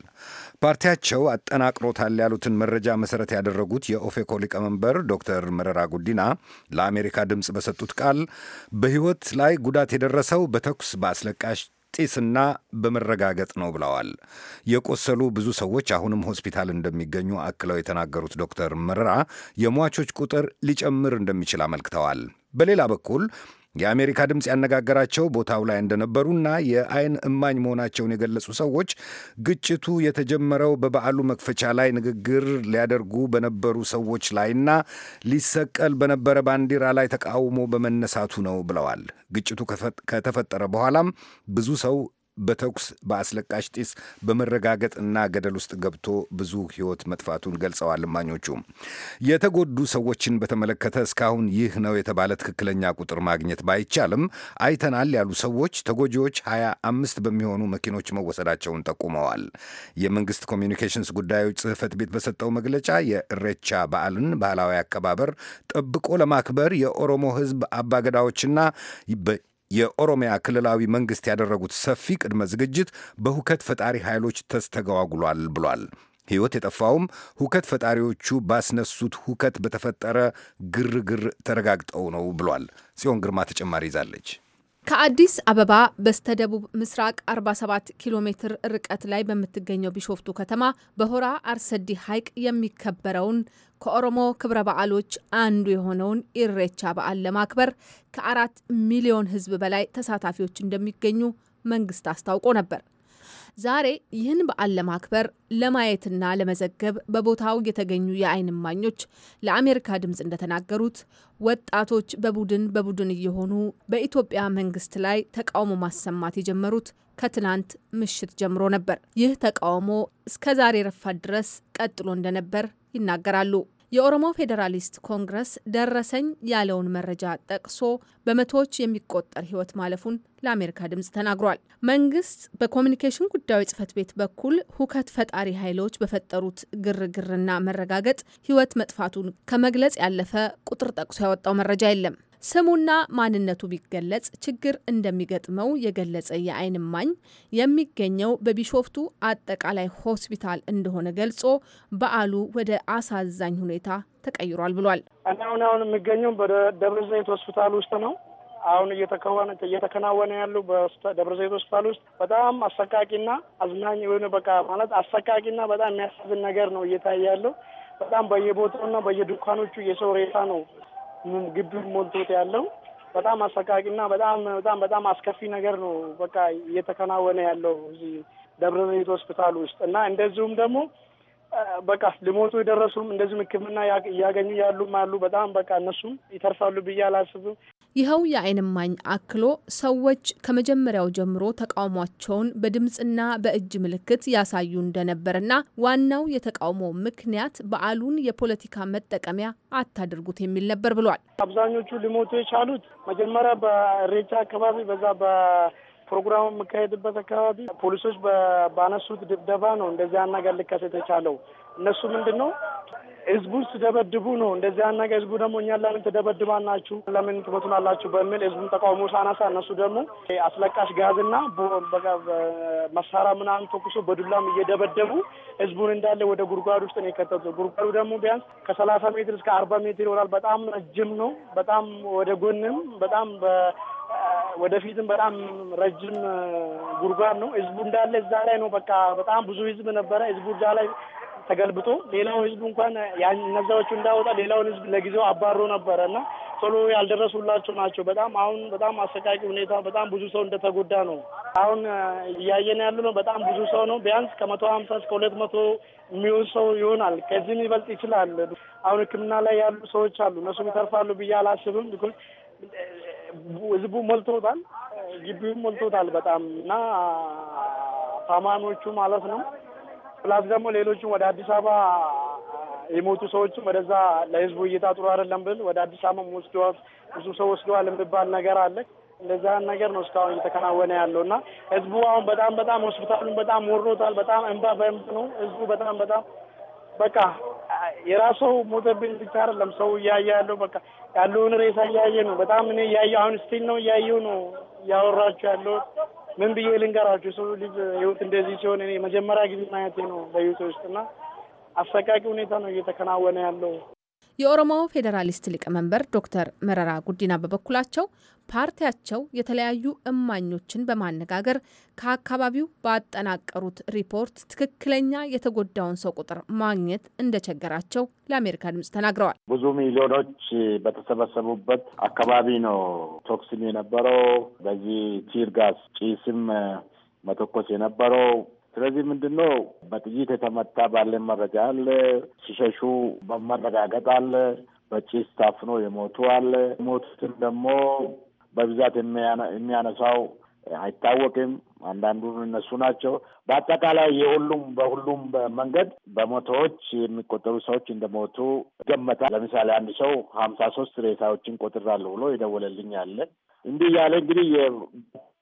Speaker 1: ፓርቲያቸው አጠናቅሮታል ያሉትን መረጃ መሰረት ያደረጉት የኦፌኮ ሊቀመንበር ዶክተር መረራ ጉዲና ለአሜሪካ ድምፅ በሰጡት ቃል በሕይወት ላይ ጉዳት የደረሰው በተኩስ በአስለቃሽ ጢስና በመረጋገጥ ነው ብለዋል። የቆሰሉ ብዙ ሰዎች አሁንም ሆስፒታል እንደሚገኙ አክለው የተናገሩት ዶክተር መረራ የሟቾች ቁጥር ሊጨምር እንደሚችል አመልክተዋል። በሌላ በኩል የአሜሪካ ድምፅ ያነጋገራቸው ቦታው ላይ እንደነበሩና የአይን እማኝ መሆናቸውን የገለጹ ሰዎች ግጭቱ የተጀመረው በበዓሉ መክፈቻ ላይ ንግግር ሊያደርጉ በነበሩ ሰዎች ላይና ሊሰቀል በነበረ ባንዲራ ላይ ተቃውሞ በመነሳቱ ነው ብለዋል። ግጭቱ ከተፈጠረ በኋላም ብዙ ሰው በተኩስ በአስለቃሽ ጢስ በመረጋገጥ እና ገደል ውስጥ ገብቶ ብዙ ሕይወት መጥፋቱን ገልጸዋል እማኞቹ። የተጎዱ ሰዎችን በተመለከተ እስካሁን ይህ ነው የተባለ ትክክለኛ ቁጥር ማግኘት ባይቻልም አይተናል ያሉ ሰዎች ተጎጂዎች ሀያ አምስት በሚሆኑ መኪኖች መወሰዳቸውን ጠቁመዋል። የመንግስት ኮሚኒኬሽንስ ጉዳዮች ጽህፈት ቤት በሰጠው መግለጫ የእሬቻ በዓልን ባህላዊ አከባበር ጠብቆ ለማክበር የኦሮሞ ሕዝብ አባገዳዎችና የኦሮሚያ ክልላዊ መንግስት ያደረጉት ሰፊ ቅድመ ዝግጅት በሁከት ፈጣሪ ኃይሎች ተስተጓጉሏል ብሏል። ሕይወት የጠፋውም ሁከት ፈጣሪዎቹ ባስነሱት ሁከት በተፈጠረ ግርግር ተረጋግጠው ነው ብሏል። ጽዮን ግርማ ተጨማሪ ይዛለች።
Speaker 7: ከአዲስ አበባ በስተደቡብ ምስራቅ 47 ኪሎ ሜትር ርቀት ላይ በምትገኘው ቢሾፍቱ ከተማ በሆራ አርሰዲ ሐይቅ የሚከበረውን ከኦሮሞ ክብረ በዓሎች አንዱ የሆነውን ኢሬቻ በዓል ለማክበር ከአራት ሚሊዮን ሕዝብ በላይ ተሳታፊዎች እንደሚገኙ መንግስት አስታውቆ ነበር። ዛሬ ይህን በዓል ለማክበር ለማየትና ለመዘገብ በቦታው የተገኙ የዓይን እማኞች ለአሜሪካ ድምፅ እንደተናገሩት ወጣቶች በቡድን በቡድን እየሆኑ በኢትዮጵያ መንግስት ላይ ተቃውሞ ማሰማት የጀመሩት ከትናንት ምሽት ጀምሮ ነበር። ይህ ተቃውሞ እስከ ዛሬ ረፋት ድረስ ቀጥሎ እንደነበር ይናገራሉ። የኦሮሞ ፌዴራሊስት ኮንግረስ ደረሰኝ ያለውን መረጃ ጠቅሶ በመቶዎች የሚቆጠር ሕይወት ማለፉን ለአሜሪካ ድምጽ ተናግሯል። መንግስት በኮሚኒኬሽን ጉዳዮች ጽህፈት ቤት በኩል ሁከት ፈጣሪ ኃይሎች በፈጠሩት ግርግርና መረጋገጥ ሕይወት መጥፋቱን ከመግለጽ ያለፈ ቁጥር ጠቅሶ ያወጣው መረጃ የለም። ስሙና ማንነቱ ቢገለጽ ችግር እንደሚገጥመው የገለጸ የአይን እማኝ የሚገኘው በቢሾፍቱ አጠቃላይ ሆስፒታል እንደሆነ ገልጾ በዓሉ ወደ አሳዛኝ ሁኔታ ተቀይሯል ብሏል።
Speaker 2: እኔ አሁን አሁን የሚገኘው በደብረ ዘይት ሆስፒታል ውስጥ ነው። አሁን እየተከናወነ ያለው በደብረ ዘይት ሆስፒታል ውስጥ በጣም አሰቃቂና አዝናኝ የሆነ በቃ ማለት አሰቃቂና በጣም የሚያሳዝን ነገር ነው እየታየ ያለው። በጣም በየቦታውና በየዱካኖቹ የሰው ሬሳ ነው ግቢውን ሞልቶት ያለው በጣም አሰቃቂና በጣም በጣም በጣም አስከፊ ነገር ነው። በቃ እየተከናወነ ያለው እዚህ ደብረ ዘይት ሆስፒታል ውስጥ እና እንደዚሁም ደግሞ በቃ ልሞቱ የደረሱም እንደዚሁም ሕክምና እያገኙ ያሉም አሉ። በጣም በቃ እነሱም ይተርፋሉ ብዬ አላስብም።
Speaker 7: ይኸው የዓይን ማኝ አክሎ ሰዎች ከመጀመሪያው ጀምሮ ተቃውሟቸውን በድምፅና በእጅ ምልክት ያሳዩ እንደነበርና ዋናው የተቃውሞ ምክንያት በዓሉን የፖለቲካ መጠቀሚያ አታድርጉት የሚል ነበር ብሏል።
Speaker 2: አብዛኞቹ ሊሞቱ የቻሉት መጀመሪያ በሬቻ አካባቢ በዛ በፕሮግራሙ የምካሄድበት አካባቢ ፖሊሶች ባነሱት ድብደባ ነው። እንደዚያ ነገር ሊከሰት የቻለው እነሱ ምንድን ነው ህዝቡን ስደበድቡ ነው እንደዚህ ያናገ ህዝቡ ደግሞ እኛን ለምን ትደበድባናችሁ ለምን ትመቱናላችሁ በሚል ህዝቡን ተቃውሞ ሳናሳ እነሱ ደግሞ አስለቃሽ ጋዝና መሳሪያ ምናምን ተኩሶ በዱላም እየደበደቡ ህዝቡን እንዳለ ወደ ጉድጓድ ውስጥ ነው የከተቱ። ጉድጓዱ ደግሞ ቢያንስ ከሰላሳ ሜትር እስከ አርባ ሜትር ይሆናል። በጣም ረጅም ነው። በጣም ወደ ጎንም በጣም ወደፊትም በጣም ረጅም ጉድጓድ ነው። ህዝቡ እንዳለ እዛ ላይ ነው። በቃ በጣም ብዙ ህዝብ ነበረ። ህዝቡ እዛ ላይ ተገልብጦ ሌላው ህዝብ እንኳን እነዛዎቹ እንዳወጣ ሌላውን ህዝብ ለጊዜው አባሮ ነበረ እና ቶሎ ያልደረሱላቸው ናቸው። በጣም አሁን በጣም አሰቃቂ ሁኔታ፣ በጣም ብዙ ሰው እንደተጎዳ ነው አሁን እያየን ያሉ ነው። በጣም ብዙ ሰው ነው። ቢያንስ ከመቶ ሀምሳ እስከ ሁለት መቶ የሚሆን ሰው ይሆናል። ከዚህም ይበልጥ ይችላል። አሁን ሕክምና ላይ ያሉ ሰዎች አሉ። እነሱም ይተርፋሉ ብዬ አላስብም። ቢኮዝ ህዝቡ ሞልቶታል፣ ግቢውም ሞልቶታል በጣም እና ታማሚዎቹ ማለት ነው ፕላስ ደግሞ ሌሎችም ወደ አዲስ አበባ የሞቱ ሰዎችም ወደዛ ለህዝቡ እይታ ጥሩ አይደለም ብል ወደ አዲስ አበባም ወስደዋል፣ ብዙ ሰው ወስደዋል የሚባል ነገር አለ። እንደዛ ነገር ነው እስካሁን እየተከናወነ ያለው እና ህዝቡ አሁን በጣም በጣም ሆስፒታሉን በጣም ወሮታል። በጣም እንባ በእንባ ነው ህዝቡ በጣም በጣም በቃ የራሱ ሞተብን ብቻ አይደለም ሰው እያየ ያለው በቃ ያለውን ሬሳ እያየ ነው። በጣም እኔ እያየ አሁን ስቲል ነው እያየው ነው እያወራችሁ ያለው ምን ብዬ ልንገራችሁ? ሰው ልጅ ህይወት እንደዚህ ሲሆን እኔ መጀመሪያ ጊዜ ማየቴ ነው በህይወት ውስጥ እና አሰቃቂ ሁኔታ ነው እየተከናወነ ያለው።
Speaker 7: የኦሮሞ ፌዴራሊስት ሊቀመንበር ዶክተር መረራ ጉዲና በበኩላቸው ፓርቲያቸው የተለያዩ እማኞችን በማነጋገር ከአካባቢው ባጠናቀሩት ሪፖርት ትክክለኛ የተጎዳውን ሰው ቁጥር ማግኘት እንደቸገራቸው ለአሜሪካ ድምጽ ተናግረዋል።
Speaker 3: ብዙ ሚሊዮኖች በተሰበሰቡበት አካባቢ ነው ቶክስም የነበረው በዚህ ቲር ጋዝ ጭስም መተኮስ የነበረው ስለዚህ ምንድነው በጥይት የተመታ ባለ መረጃ አለ፣ ሲሸሹ በመረጋገጥ አለ፣ በጭስ ታፍኖ የሞቱ አለ። ሞቱትን ደግሞ በብዛት የሚያነሳው አይታወቅም። አንዳንዱ እነሱ ናቸው። በአጠቃላይ የሁሉም በሁሉም መንገድ በሞቶዎች የሚቆጠሩ ሰዎች እንደሞቱ ይገመታል። ለምሳሌ አንድ ሰው ሀምሳ ሶስት ሬሳዎችን ቆጥራለሁ ብሎ የደወለልኝ አለ። እንዲህ እያለ እንግዲህ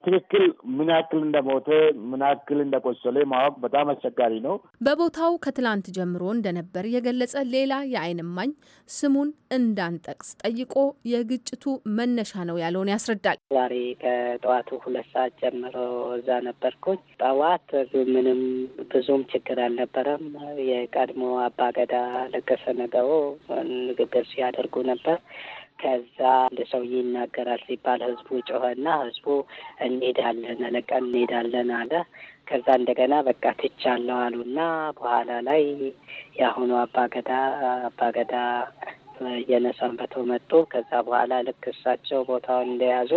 Speaker 3: ትክክል ምን ያክል እንደሞተ ምን ያክል እንደቆሰለ ማወቅ በጣም አስቸጋሪ ነው።
Speaker 7: በቦታው ከትላንት ጀምሮ እንደነበር የገለጸ ሌላ የዓይን እማኝ ስሙን እንዳንጠቅስ ጠይቆ የግጭቱ መነሻ ነው ያለውን ያስረዳል። ዛሬ ከጠዋቱ
Speaker 8: ሁለት ሰዓት ጀምሮ እዛ ነበርኩኝ። ጠዋት ምንም ብዙም ችግር አልነበረም። የቀድሞ አባገዳ ለገሰ ነገው ንግግር ሲያደርጉ ነበር ከዛ ሰው ይናገራል ሲባል ህዝቡ ጮኸና ህዝቡ እንሄዳለን ለቀን እንሄዳለን አለ። ከዛ እንደገና በቃ ትቻለሁ አሉና በኋላ ላይ የአሁኑ አባገዳ አባገዳ የነሳን የነሰንበቶ መጡ። ከዛ በኋላ ልክ እሳቸው ቦታውን እንደያዙ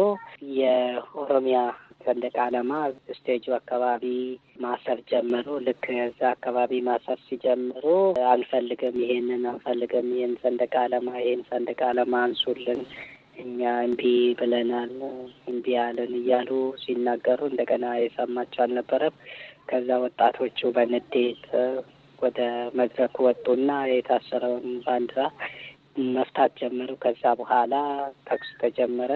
Speaker 8: የኦሮሚያ ሰንደቅ ዓላማ ስቴጁ አካባቢ ማሰር ጀመሩ። ልክ እዛ አካባቢ ማሰር ሲጀምሩ አንፈልግም፣ ይሄንን አንፈልግም፣ ይህን ሰንደቅ ዓላማ ይህን ሰንደቅ ዓላማ አንሱልን እኛ እምቢ ብለናል፣ እምቢ አለን እያሉ ሲናገሩ እንደገና የሰማቸው አልነበረም። ከዛ ወጣቶቹ በንዴት ወደ መድረኩ ወጡና የታሰረውን ባንዲራ መፍታት ጀመሩ። ከዛ በኋላ ተኩስ ተጀመረ።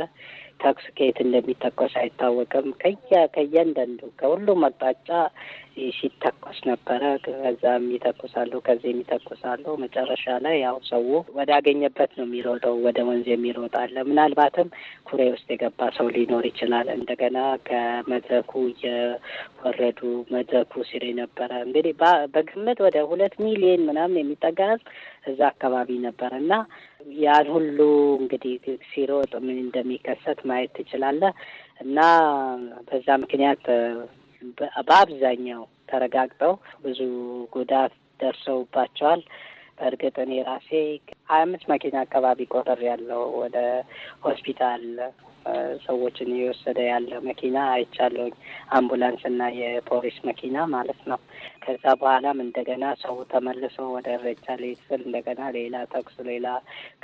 Speaker 8: ተኩስ ከየት እንደሚተኮስ አይታወቅም። ከያ ከያንዳንዱ ከሁሉም አቅጣጫ ሲተኮስ ነበረ። ከዛም ይተኩሳሉ፣ ከዚህ ይተኩሳሉ። መጨረሻ ላይ ያው ሰው ወዳገኘበት ነው የሚሮጠው፣ ወደ ወንዝ የሚሮጥ ምናልባትም ኩሬ ውስጥ የገባ ሰው ሊኖር ይችላል። እንደገና ከመድረኩ እየወረዱ መድረኩ ሲር ነበረ እንግዲህ በግምት ወደ ሁለት ሚሊዮን ምናምን የሚጠጋ እዛ አካባቢ ነበር እና ያን ሁሉ እንግዲህ ሲሮጥ ምን እንደሚከሰት ማየት ትችላለህ እና በዛ ምክንያት በአብዛኛው ተረጋግጠው ብዙ ጉዳት ደርሰውባቸዋል። በእርግጥ እኔ ራሴ ሀያ አምስት መኪና አካባቢ ቆጠር ያለው ወደ ሆስፒታል ሰዎችን እየወሰደ ያለ መኪና አይቻለሁኝ። አምቡላንስ እና የፖሊስ መኪና ማለት ነው። ከዛ በኋላም እንደገና ሰው ተመልሶ ወደ ረቻ ሊስል እንደገና ሌላ ተኩስ፣ ሌላ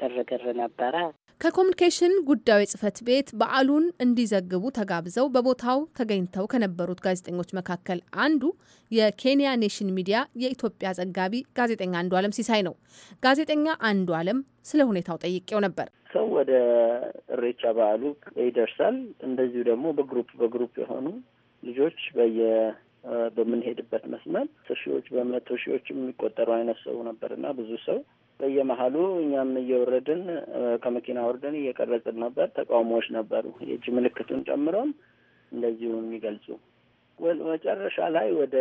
Speaker 8: ግርግር ነበረ።
Speaker 7: ከኮሚኒኬሽን ጉዳዮች ጽህፈት ቤት በዓሉን እንዲዘግቡ ተጋብዘው በቦታው ተገኝተው ከነበሩት ጋዜጠኞች መካከል አንዱ የኬንያ ኔሽን ሚዲያ የኢትዮጵያ ዘጋቢ ጋዜጠኛ አንዱ አለም ሲሳይ ነው። ጋዜጠኛ አንዱ አለም ስለ ሁኔታው ጠይቄው ነበር። ሰው
Speaker 9: ወደ እሬቻ በዓሉ ይደርሳል። እንደዚሁ ደግሞ በግሩፕ በግሩፕ የሆኑ ልጆች በየ በምንሄድበት መስመር ሺዎች በመቶ ሺዎች የሚቆጠሩ አይነት ሰው ነበርና ብዙ ሰው በየመሀሉ እኛም እየወረድን ከመኪና ወርደን እየቀረጽን ነበር። ተቃውሞዎች ነበሩ፣ የእጅ ምልክቱን ጨምሮም እንደዚሁ የሚገልጹ መጨረሻ ላይ ወደ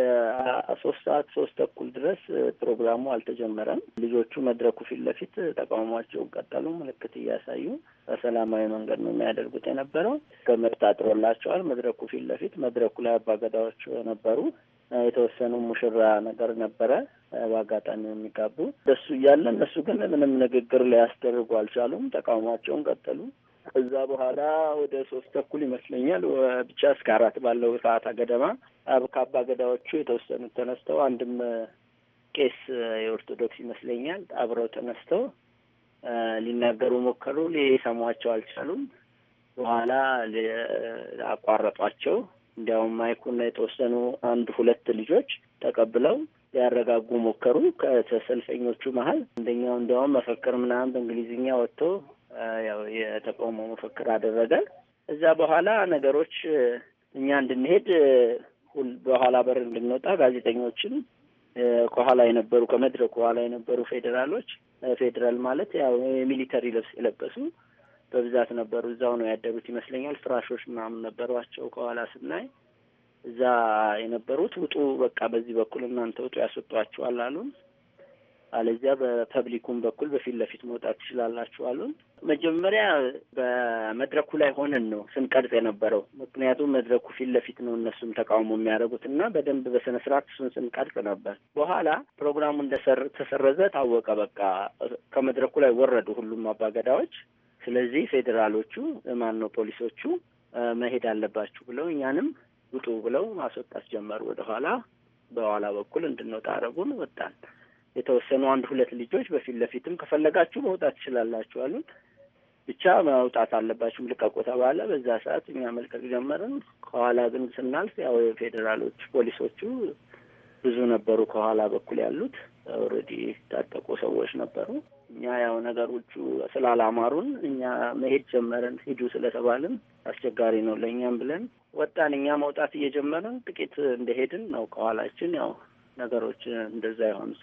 Speaker 9: ሶስት ሰዓት ሶስት ተኩል ድረስ ፕሮግራሙ አልተጀመረም። ልጆቹ መድረኩ ፊት ለፊት ተቃውሟቸውን ቀጠሉ። ምልክት እያሳዩ በሰላማዊ መንገድ ነው የሚያደርጉት የነበረው። ከምርት ታጥሮላቸዋል መድረኩ ፊት ለፊት። መድረኩ ላይ አባገዳዎች ነበሩ። የተወሰኑ ሙሽራ ነገር ነበረ በአጋጣሚ የሚጋቡ እሱ እያለ እነሱ ግን ምንም ንግግር ሊያስደርጉ አልቻሉም። ተቃውሟቸውን ቀጠሉ። ከዛ በኋላ ወደ ሶስት ተኩል ይመስለኛል ብቻ እስከ አራት ባለው ሰዓት ገደማ ከአባ ገዳዎቹ የተወሰኑት ተነስተው አንድም ቄስ የኦርቶዶክስ ይመስለኛል አብረው ተነስተው ሊናገሩ ሞከሩ። ሊሰሟቸው አልቻሉም። በኋላ አቋረጧቸው። እንዲያውም ማይኩና የተወሰኑ አንድ ሁለት ልጆች ተቀብለው ሊያረጋጉ ሞከሩ። ከተሰልፈኞቹ መሀል አንደኛው እንዲያውም መፈክር ምናምን በእንግሊዝኛ ወጥቶ ያው የተቃውሞ መፈክር አደረገ። እዛ በኋላ ነገሮች እኛ እንድንሄድ በኋላ በር እንድንወጣ ጋዜጠኞችን ከኋላ የነበሩ ከመድረኩ ኋላ የነበሩ ፌዴራሎች ፌዴራል ማለት ያው የሚሊተሪ ልብስ የለበሱ በብዛት ነበሩ። እዛው ነው ያደሩት ይመስለኛል። ፍራሾች ምናምን ነበሯቸው። ከኋላ ስናይ እዛ የነበሩት ውጡ፣ በቃ በዚህ በኩል እናንተ ውጡ፣ ያስወጧቸዋል አሉን። አለዚያ በፐብሊኩም በኩል በፊት ለፊት መውጣት ትችላላችሁ አሉን። መጀመሪያ በመድረኩ ላይ ሆነን ነው ስንቀርጽ የነበረው። ምክንያቱም መድረኩ ፊት ለፊት ነው እነሱም ተቃውሞ የሚያደርጉት እና በደንብ በስነ ስርዓት እሱን ስንቀርጽ ነበር። በኋላ ፕሮግራሙ እንደተሰረዘ ታወቀ። በቃ ከመድረኩ ላይ ወረዱ ሁሉም አባገዳዎች። ስለዚህ ፌዴራሎቹ ማን ነው ፖሊሶቹ መሄድ አለባችሁ ብለው እኛንም ውጡ ብለው ማስወጣት ጀመሩ። ወደኋላ በኋላ በኩል እንድንወጣ አረጉን ወጣን። የተወሰኑ አንድ ሁለት ልጆች በፊት ለፊትም ከፈለጋችሁ መውጣት ትችላላችሁ አሉን። ብቻ መውጣት አለባችሁም ልቀቁ ተባለ። በዛ ሰዓት እኛ መልቀቅ ጀመርን። ከኋላ ግን ስናልፍ ያው የፌዴራሎች ፖሊሶቹ ብዙ ነበሩ። ከኋላ በኩል ያሉት ኦልሬዲ ታጠቁ ሰዎች ነበሩ። እኛ ያው ነገሮቹ ስላላማሩን እኛ መሄድ ጀመርን። ሂዱ ስለተባልን አስቸጋሪ ነው ለእኛም ብለን ወጣን። እኛ መውጣት እየጀመርን ጥቂት እንደሄድን ነው ከኋላችን ያው ነገሮች እንደዛ የሆኑት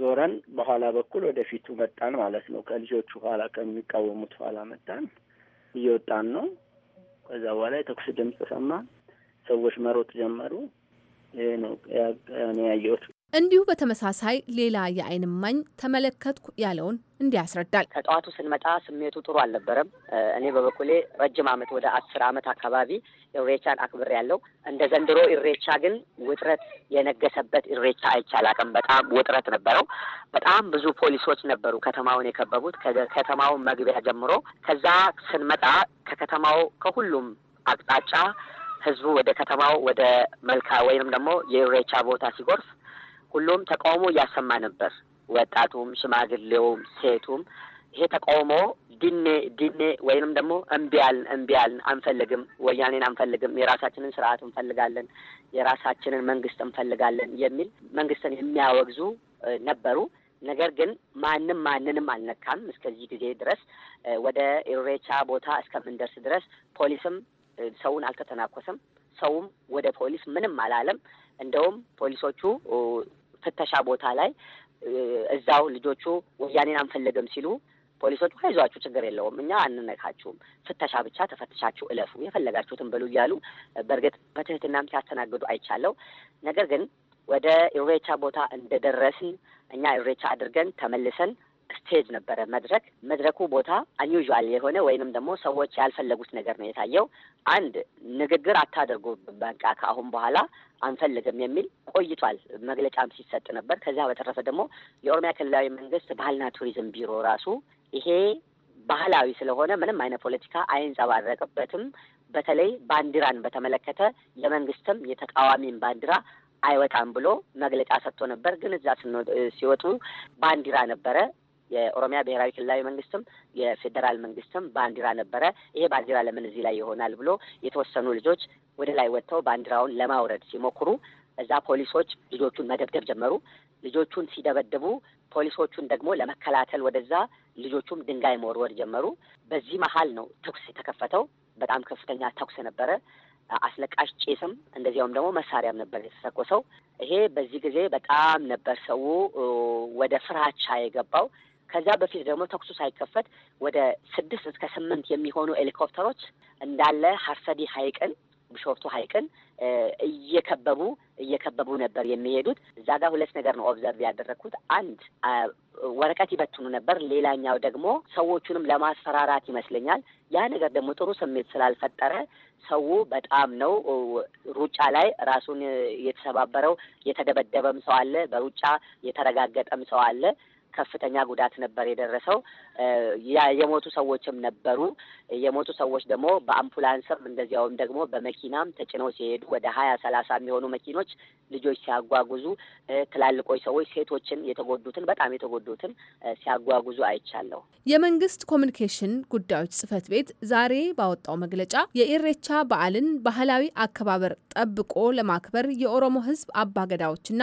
Speaker 9: ዞረን በኋላ በኩል ወደፊቱ መጣን ማለት ነው። ከልጆቹ ኋላ ከሚቃወሙት ኋላ መጣን፣ እየወጣን ነው። ከዛ በኋላ የተኩስ ድምፅ ሰማ፣ ሰዎች መሮጥ ጀመሩ። ይሄ ነው
Speaker 10: ያየሁት።
Speaker 7: እንዲሁ በተመሳሳይ ሌላ የአይን እማኝ ተመለከትኩ ያለውን እንዲህ ያስረዳል።
Speaker 10: ከጠዋቱ ስንመጣ ስሜቱ ጥሩ አልነበረም። እኔ በበኩሌ ረጅም ዓመት ወደ አስር ዓመት አካባቢ እሬቻን አክብር ያለው እንደ ዘንድሮ ኢሬቻ ግን ውጥረት የነገሰበት ኢሬቻ አይቻላቅም። በጣም ውጥረት ነበረው። በጣም ብዙ ፖሊሶች ነበሩ ከተማውን የከበቡት ከተማውን መግቢያ ጀምሮ። ከዛ ስንመጣ ከከተማው ከሁሉም አቅጣጫ ህዝቡ ወደ ከተማው ወደ መልካ ወይንም ደግሞ የእሬቻ ቦታ ሲጎርፍ ሁሉም ተቃውሞ እያሰማ ነበር። ወጣቱም፣ ሽማግሌውም፣ ሴቱም ይሄ ተቃውሞ ድኔ ድኔ ወይንም ደግሞ እምቢያልን እምቢያልን አንፈልግም፣ ወያኔን አንፈልግም፣ የራሳችንን ስርዓት እንፈልጋለን፣ የራሳችንን መንግስት እንፈልጋለን የሚል መንግስትን የሚያወግዙ ነበሩ። ነገር ግን ማንም ማንንም አልነካም። እስከዚህ ጊዜ ድረስ ወደ ኢሬቻ ቦታ እስከምንደርስ ድረስ ፖሊስም ሰውን አልተተናኮሰም። ሰውም ወደ ፖሊስ ምንም አላለም። እንደውም ፖሊሶቹ ፍተሻ ቦታ ላይ እዛው ልጆቹ ወያኔን አንፈለገም ሲሉ ፖሊሶቹ ከይዟችሁ ችግር የለውም እኛ አንነካችሁም፣ ፍተሻ ብቻ ተፈትሻችሁ እለፉ፣ የፈለጋችሁትን ብሉ እያሉ በእርግጥ በትህትናም ሲያስተናግዱ አይቻለው። ነገር ግን ወደ ኢሬቻ ቦታ እንደደረስን እኛ ኢሬቻ አድርገን ተመልሰን ስቴጅ ነበረ መድረክ። መድረኩ ቦታ አንዩዥዋል የሆነ ወይንም ደግሞ ሰዎች ያልፈለጉት ነገር ነው የታየው። አንድ ንግግር አታደርጉ በቃ ከአሁን በኋላ አንፈልግም የሚል ቆይቷል። መግለጫም ሲሰጥ ነበር። ከዚያ በተረፈ ደግሞ የኦሮሚያ ክልላዊ መንግስት ባህልና ቱሪዝም ቢሮ ራሱ ይሄ ባህላዊ ስለሆነ ምንም አይነት ፖለቲካ አይንጸባረቅበትም፣ በተለይ ባንዲራን በተመለከተ የመንግስትም የተቃዋሚን ባንዲራ አይወጣም ብሎ መግለጫ ሰጥቶ ነበር። ግን እዛ ሲወጡ ባንዲራ ነበረ። የኦሮሚያ ብሔራዊ ክልላዊ መንግስትም የፌዴራል መንግስትም ባንዲራ ነበረ። ይሄ ባንዲራ ለምን እዚህ ላይ ይሆናል ብሎ የተወሰኑ ልጆች ወደ ላይ ወጥተው ባንዲራውን ለማውረድ ሲሞክሩ እዛ ፖሊሶች ልጆቹን መደብደብ ጀመሩ። ልጆቹን ሲደበድቡ ፖሊሶቹን ደግሞ ለመከላከል ወደዛ ልጆቹም ድንጋይ መወርወር ጀመሩ። በዚህ መሀል ነው ተኩስ የተከፈተው። በጣም ከፍተኛ ተኩስ ነበረ። አስለቃሽ ጭስም እንደዚያውም ደግሞ መሳሪያም ነበር የተተኮሰው። ይሄ በዚህ ጊዜ በጣም ነበር ሰው ወደ ፍራቻ የገባው። ከዛ በፊት ደግሞ ተኩሱ ሳይከፈት ወደ ስድስት እስከ ስምንት የሚሆኑ ሄሊኮፕተሮች እንዳለ ሀርሰዲ ሀይቅን ቢሾፍቱ ሀይቅን እየከበቡ እየከበቡ ነበር የሚሄዱት። እዛ ጋር ሁለት ነገር ነው ኦብዘርቭ ያደረግኩት። አንድ ወረቀት ይበትኑ ነበር፣ ሌላኛው ደግሞ ሰዎቹንም ለማስፈራራት ይመስለኛል። ያ ነገር ደግሞ ጥሩ ስሜት ስላልፈጠረ ሰው በጣም ነው ሩጫ ላይ ራሱን የተሰባበረው። የተደበደበም ሰው አለ፣ በሩጫ የተረጋገጠም ሰው አለ። ከፍተኛ ጉዳት ነበር የደረሰው። የሞቱ ሰዎችም ነበሩ። የሞቱ ሰዎች ደግሞ በአምቡላንስም እንደዚያውም ደግሞ በመኪናም ተጭነው ሲሄዱ ወደ ሀያ ሰላሳ የሚሆኑ መኪኖች ልጆች ሲያጓጉዙ ትላልቆች ሰዎች፣ ሴቶችን የተጎዱትን በጣም የተጎዱትን ሲያጓጉዙ አይቻለሁ።
Speaker 7: የመንግስት ኮሚኒኬሽን ጉዳዮች ጽህፈት ቤት ዛሬ ባወጣው መግለጫ የኢሬቻ በዓልን ባህላዊ አከባበር ጠብቆ ለማክበር የኦሮሞ ህዝብ አባገዳዎችና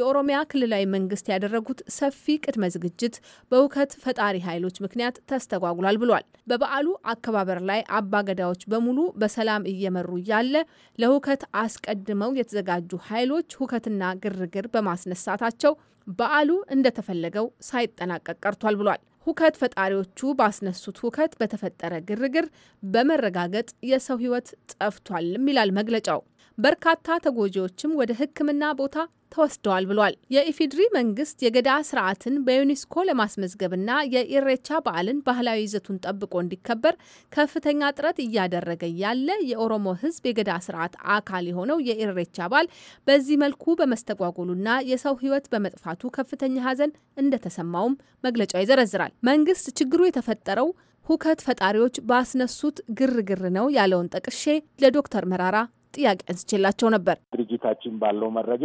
Speaker 7: የኦሮሚያ ክልላዊ መንግስት ያደረጉት ሰፊ ቅድመ ዝግጅት በውከት ፈጣሪ ኃይሎች በሌሎች ምክንያት ተስተጓጉሏል ብሏል። በበዓሉ አከባበር ላይ አባገዳዎች በሙሉ በሰላም እየመሩ እያለ ለሁከት አስቀድመው የተዘጋጁ ኃይሎች ሁከትና ግርግር በማስነሳታቸው በዓሉ እንደተፈለገው ሳይጠናቀቅ ቀርቷል ብሏል። ሁከት ፈጣሪዎቹ ባስነሱት ሁከት በተፈጠረ ግርግር በመረጋገጥ የሰው ሕይወት ጠፍቷልም ይላል መግለጫው። በርካታ ተጎጂዎችም ወደ ሕክምና ቦታ ተወስደዋል ብሏል። የኢፌዴሪ መንግስት የገዳ ስርዓትን በዩኔስኮ ለማስመዝገብና የኢሬቻ በዓልን ባህላዊ ይዘቱን ጠብቆ እንዲከበር ከፍተኛ ጥረት እያደረገ ያለ የኦሮሞ ህዝብ የገዳ ስርዓት አካል የሆነው የኢሬቻ በዓል በዚህ መልኩ በመስተጓጎሉና የሰው ህይወት በመጥፋቱ ከፍተኛ ሀዘን እንደተሰማውም መግለጫው ይዘረዝራል። መንግስት ችግሩ የተፈጠረው ሁከት ፈጣሪዎች ባስነሱት ግርግር ነው ያለውን ጠቅሼ ለዶክተር መራራ ጥያቄ አንስቼላቸው ነበር። ድርጅታችን ባለው መረጃ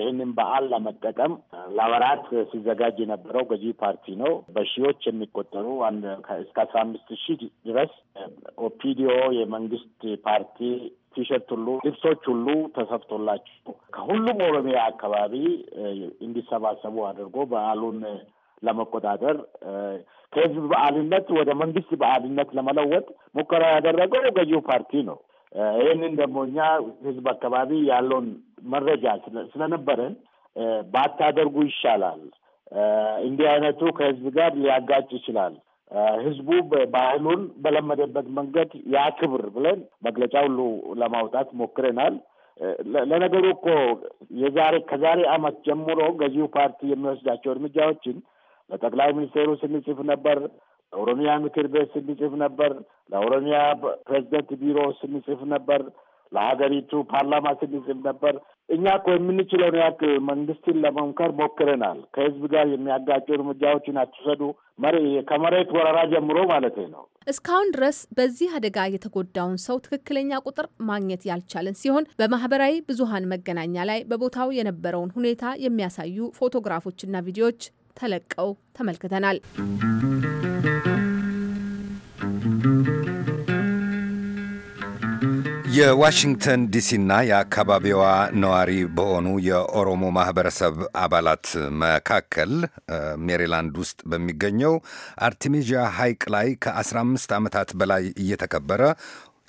Speaker 3: ይህንን በዓል ለመጠቀም ለወራት ሲዘጋጅ የነበረው ገዢ ፓርቲ ነው። በሺዎች የሚቆጠሩ እስከ አስራ አምስት ሺህ ድረስ ኦፒዲዮ የመንግስት ፓርቲ ቲሸርት ሁሉ ልብሶች ሁሉ ተሰፍቶላቸው ከሁሉም ኦሮሚያ አካባቢ እንዲሰባሰቡ አድርጎ በዓሉን ለመቆጣጠር ከህዝብ በዓልነት ወደ መንግስት በዓልነት ለመለወጥ ሙከራ ያደረገው ገዢው ፓርቲ ነው። ይህንን ደግሞ እኛ ህዝብ አካባቢ ያለውን መረጃ ስለነበረን ባታደርጉ ይሻላል፣ እንዲህ አይነቱ ከህዝብ ጋር ሊያጋጭ ይችላል፣ ህዝቡ ባህሉን በለመደበት መንገድ ያክብር ብለን መግለጫ ሁሉ ለማውጣት ሞክረናል። ለነገሩ እኮ የዛሬ ከዛሬ አመት ጀምሮ ገዢው ፓርቲ የሚወስዳቸው እርምጃዎችን ለጠቅላይ ሚኒስትሩ ስንጽፍ ነበር። ለኦሮሚያ ምክር ቤት ስንጽፍ ነበር። ለኦሮሚያ ፕሬዚደንት ቢሮ ስንጽፍ ነበር። ለሀገሪቱ ፓርላማ ስንጽፍ ነበር። እኛ እኮ የምንችለውን ያክል መንግስትን ለመምከር ሞክረናል። ከህዝብ ጋር የሚያጋጩ እርምጃዎችን አትውሰዱ፣ ከመሬት ወረራ ጀምሮ ማለት ነው።
Speaker 7: እስካሁን ድረስ በዚህ አደጋ የተጎዳውን ሰው ትክክለኛ ቁጥር ማግኘት ያልቻለን ሲሆን በማህበራዊ ብዙሀን መገናኛ ላይ በቦታው የነበረውን ሁኔታ የሚያሳዩ ፎቶግራፎችና ቪዲዮዎች ተለቀው ተመልክተናል።
Speaker 1: የዋሽንግተን ዲሲና የአካባቢዋ ነዋሪ በሆኑ የኦሮሞ ማህበረሰብ አባላት መካከል ሜሪላንድ ውስጥ በሚገኘው አርቴሚዣ ሐይቅ ላይ ከ15 ዓመታት በላይ እየተከበረ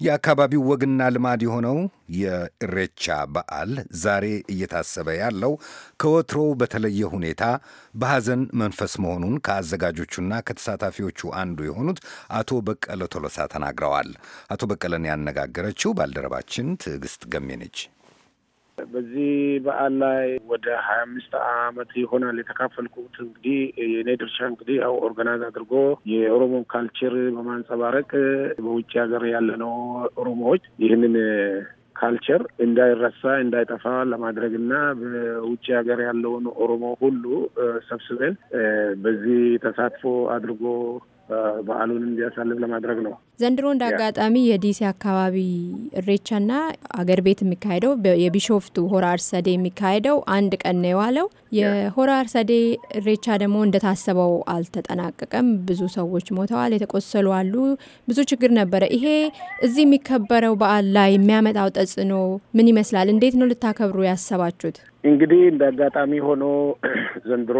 Speaker 1: የአካባቢው ወግና ልማድ የሆነው የእሬቻ በዓል ዛሬ እየታሰበ ያለው ከወትሮው በተለየ ሁኔታ በሐዘን መንፈስ መሆኑን ከአዘጋጆቹና ከተሳታፊዎቹ አንዱ የሆኑት አቶ በቀለ ቶሎሳ ተናግረዋል። አቶ በቀለን ያነጋገረችው ባልደረባችን ትዕግስት ገሜ ነች።
Speaker 11: በዚህ በዓል ላይ ወደ ሀያ አምስት አመት ይሆናል የተካፈልኩት። እንግዲህ የእኔ ድርሻ እንግዲህ ያው ኦርጋናይዝ አድርጎ የኦሮሞ ካልቸር በማንጸባረቅ በውጭ ሀገር ያለነው ኦሮሞዎች ይህንን ካልቸር እንዳይረሳ እንዳይጠፋ ለማድረግ እና በውጭ ሀገር ያለውን ኦሮሞ ሁሉ ሰብስበን በዚህ ተሳትፎ አድርጎ በዓሉን እንዲያሳልፍ ለማድረግ ነው።
Speaker 7: ዘንድሮ እንደ አጋጣሚ የዲሲ አካባቢ እሬቻና አገር ቤት የሚካሄደው የቢሾፍቱ ሆራ አርሰዴ የሚካሄደው አንድ ቀን ነው የዋለው። የሆራ አርሰዴ እሬቻ ደግሞ እንደታሰበው አልተጠናቀቀም። ብዙ ሰዎች ሞተዋል፣ የተቆሰሉ አሉ፣ ብዙ ችግር ነበረ። ይሄ እዚህ የሚከበረው በዓል ላይ የሚያመጣው ተጽዕኖ ምን ይመስላል? እንዴት ነው ልታከብሩ ያሰባችሁት?
Speaker 11: እንግዲህ እንደ አጋጣሚ ሆኖ ዘንድሮ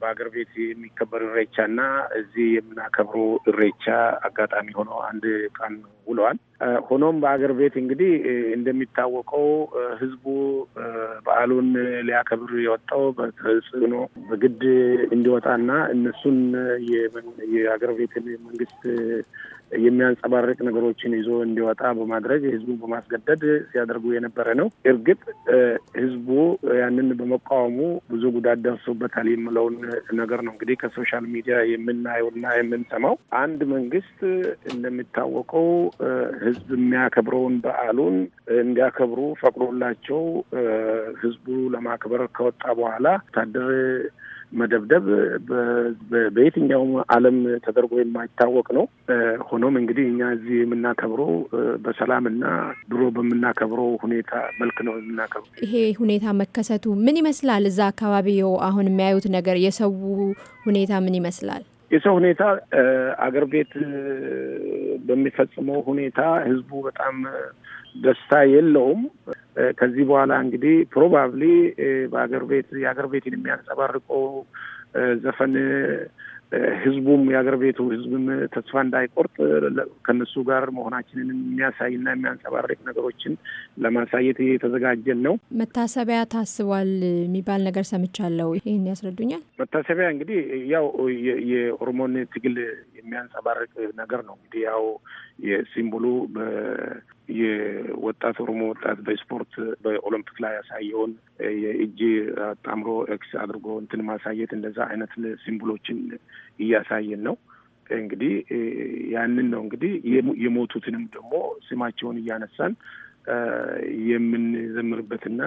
Speaker 11: በሀገር ቤት የሚከበር እሬቻ እና እዚህ የምናከብሩ እሬቻ አጋጣሚ ሆኖ አንድ ቀን ውለዋል። ሆኖም በሀገር ቤት እንግዲህ እንደሚታወቀው ሕዝቡ በዓሉን ሊያከብር የወጣ ተጋፍጠው በተጽዕኖ በግድ እንዲወጣና እነሱን የሀገር ቤትን መንግስት የሚያንጸባርቅ ነገሮችን ይዞ እንዲወጣ በማድረግ ህዝቡን በማስገደድ ሲያደርጉ የነበረ ነው። እርግጥ ህዝቡ ያንን በመቃወሙ ብዙ ጉዳት ደርሶበታል የምለውን ነገር ነው እንግዲህ ከሶሻል ሚዲያ የምናየውና የምንሰማው። አንድ መንግስት እንደሚታወቀው ህዝብ የሚያከብረውን በዓሉን እንዲያከብሩ ፈቅዶላቸው ህዝቡ ለማክበር ከወጣ በኋላ ወታደር መደብደብ በየትኛውም ዓለም ተደርጎ የማይታወቅ ነው። ሆኖም እንግዲህ እኛ እዚህ የምናከብረው እና ድሮ በምናከብረው ሁኔታ መልክ ነው የምናከብረው።
Speaker 7: ይሄ ሁኔታ መከሰቱ ምን ይመስላል? እዛ አካባቢው አሁን የሚያዩት ነገር የሰው ሁኔታ ምን ይመስላል?
Speaker 11: የሰው ሁኔታ አገር ቤት በሚፈጽመው ሁኔታ ህዝቡ በጣም ደስታ የለውም። ከዚህ በኋላ እንግዲህ ፕሮባብሊ በአገር ቤት የአገር ቤትን የሚያንጸባርቀው ዘፈን ህዝቡም የአገር ቤቱ ህዝብም ተስፋ እንዳይቆርጥ ከነሱ ጋር መሆናችንን የሚያሳይና የሚያንጸባርቅ ነገሮችን ለማሳየት የተዘጋጀን ነው።
Speaker 7: መታሰቢያ ታስቧል የሚባል ነገር ሰምቻለሁ። ይህን ያስረዱኛል?
Speaker 11: መታሰቢያ እንግዲህ ያው የኦሮሞን ትግል የሚያንጸባርቅ ነገር ነው። እንግዲህ ያው የሲምቦሉ የወጣት ኦሮሞ ወጣት በስፖርት በኦሎምፒክ ላይ ያሳየውን የእጅ አጣምሮ ኤክስ አድርጎ እንትን ማሳየት እንደዛ አይነት ሲምቦሎችን እያሳየን ነው። እንግዲህ ያንን ነው እንግዲህ የሞቱትንም ደግሞ ስማቸውን እያነሳን የምንዘምርበትና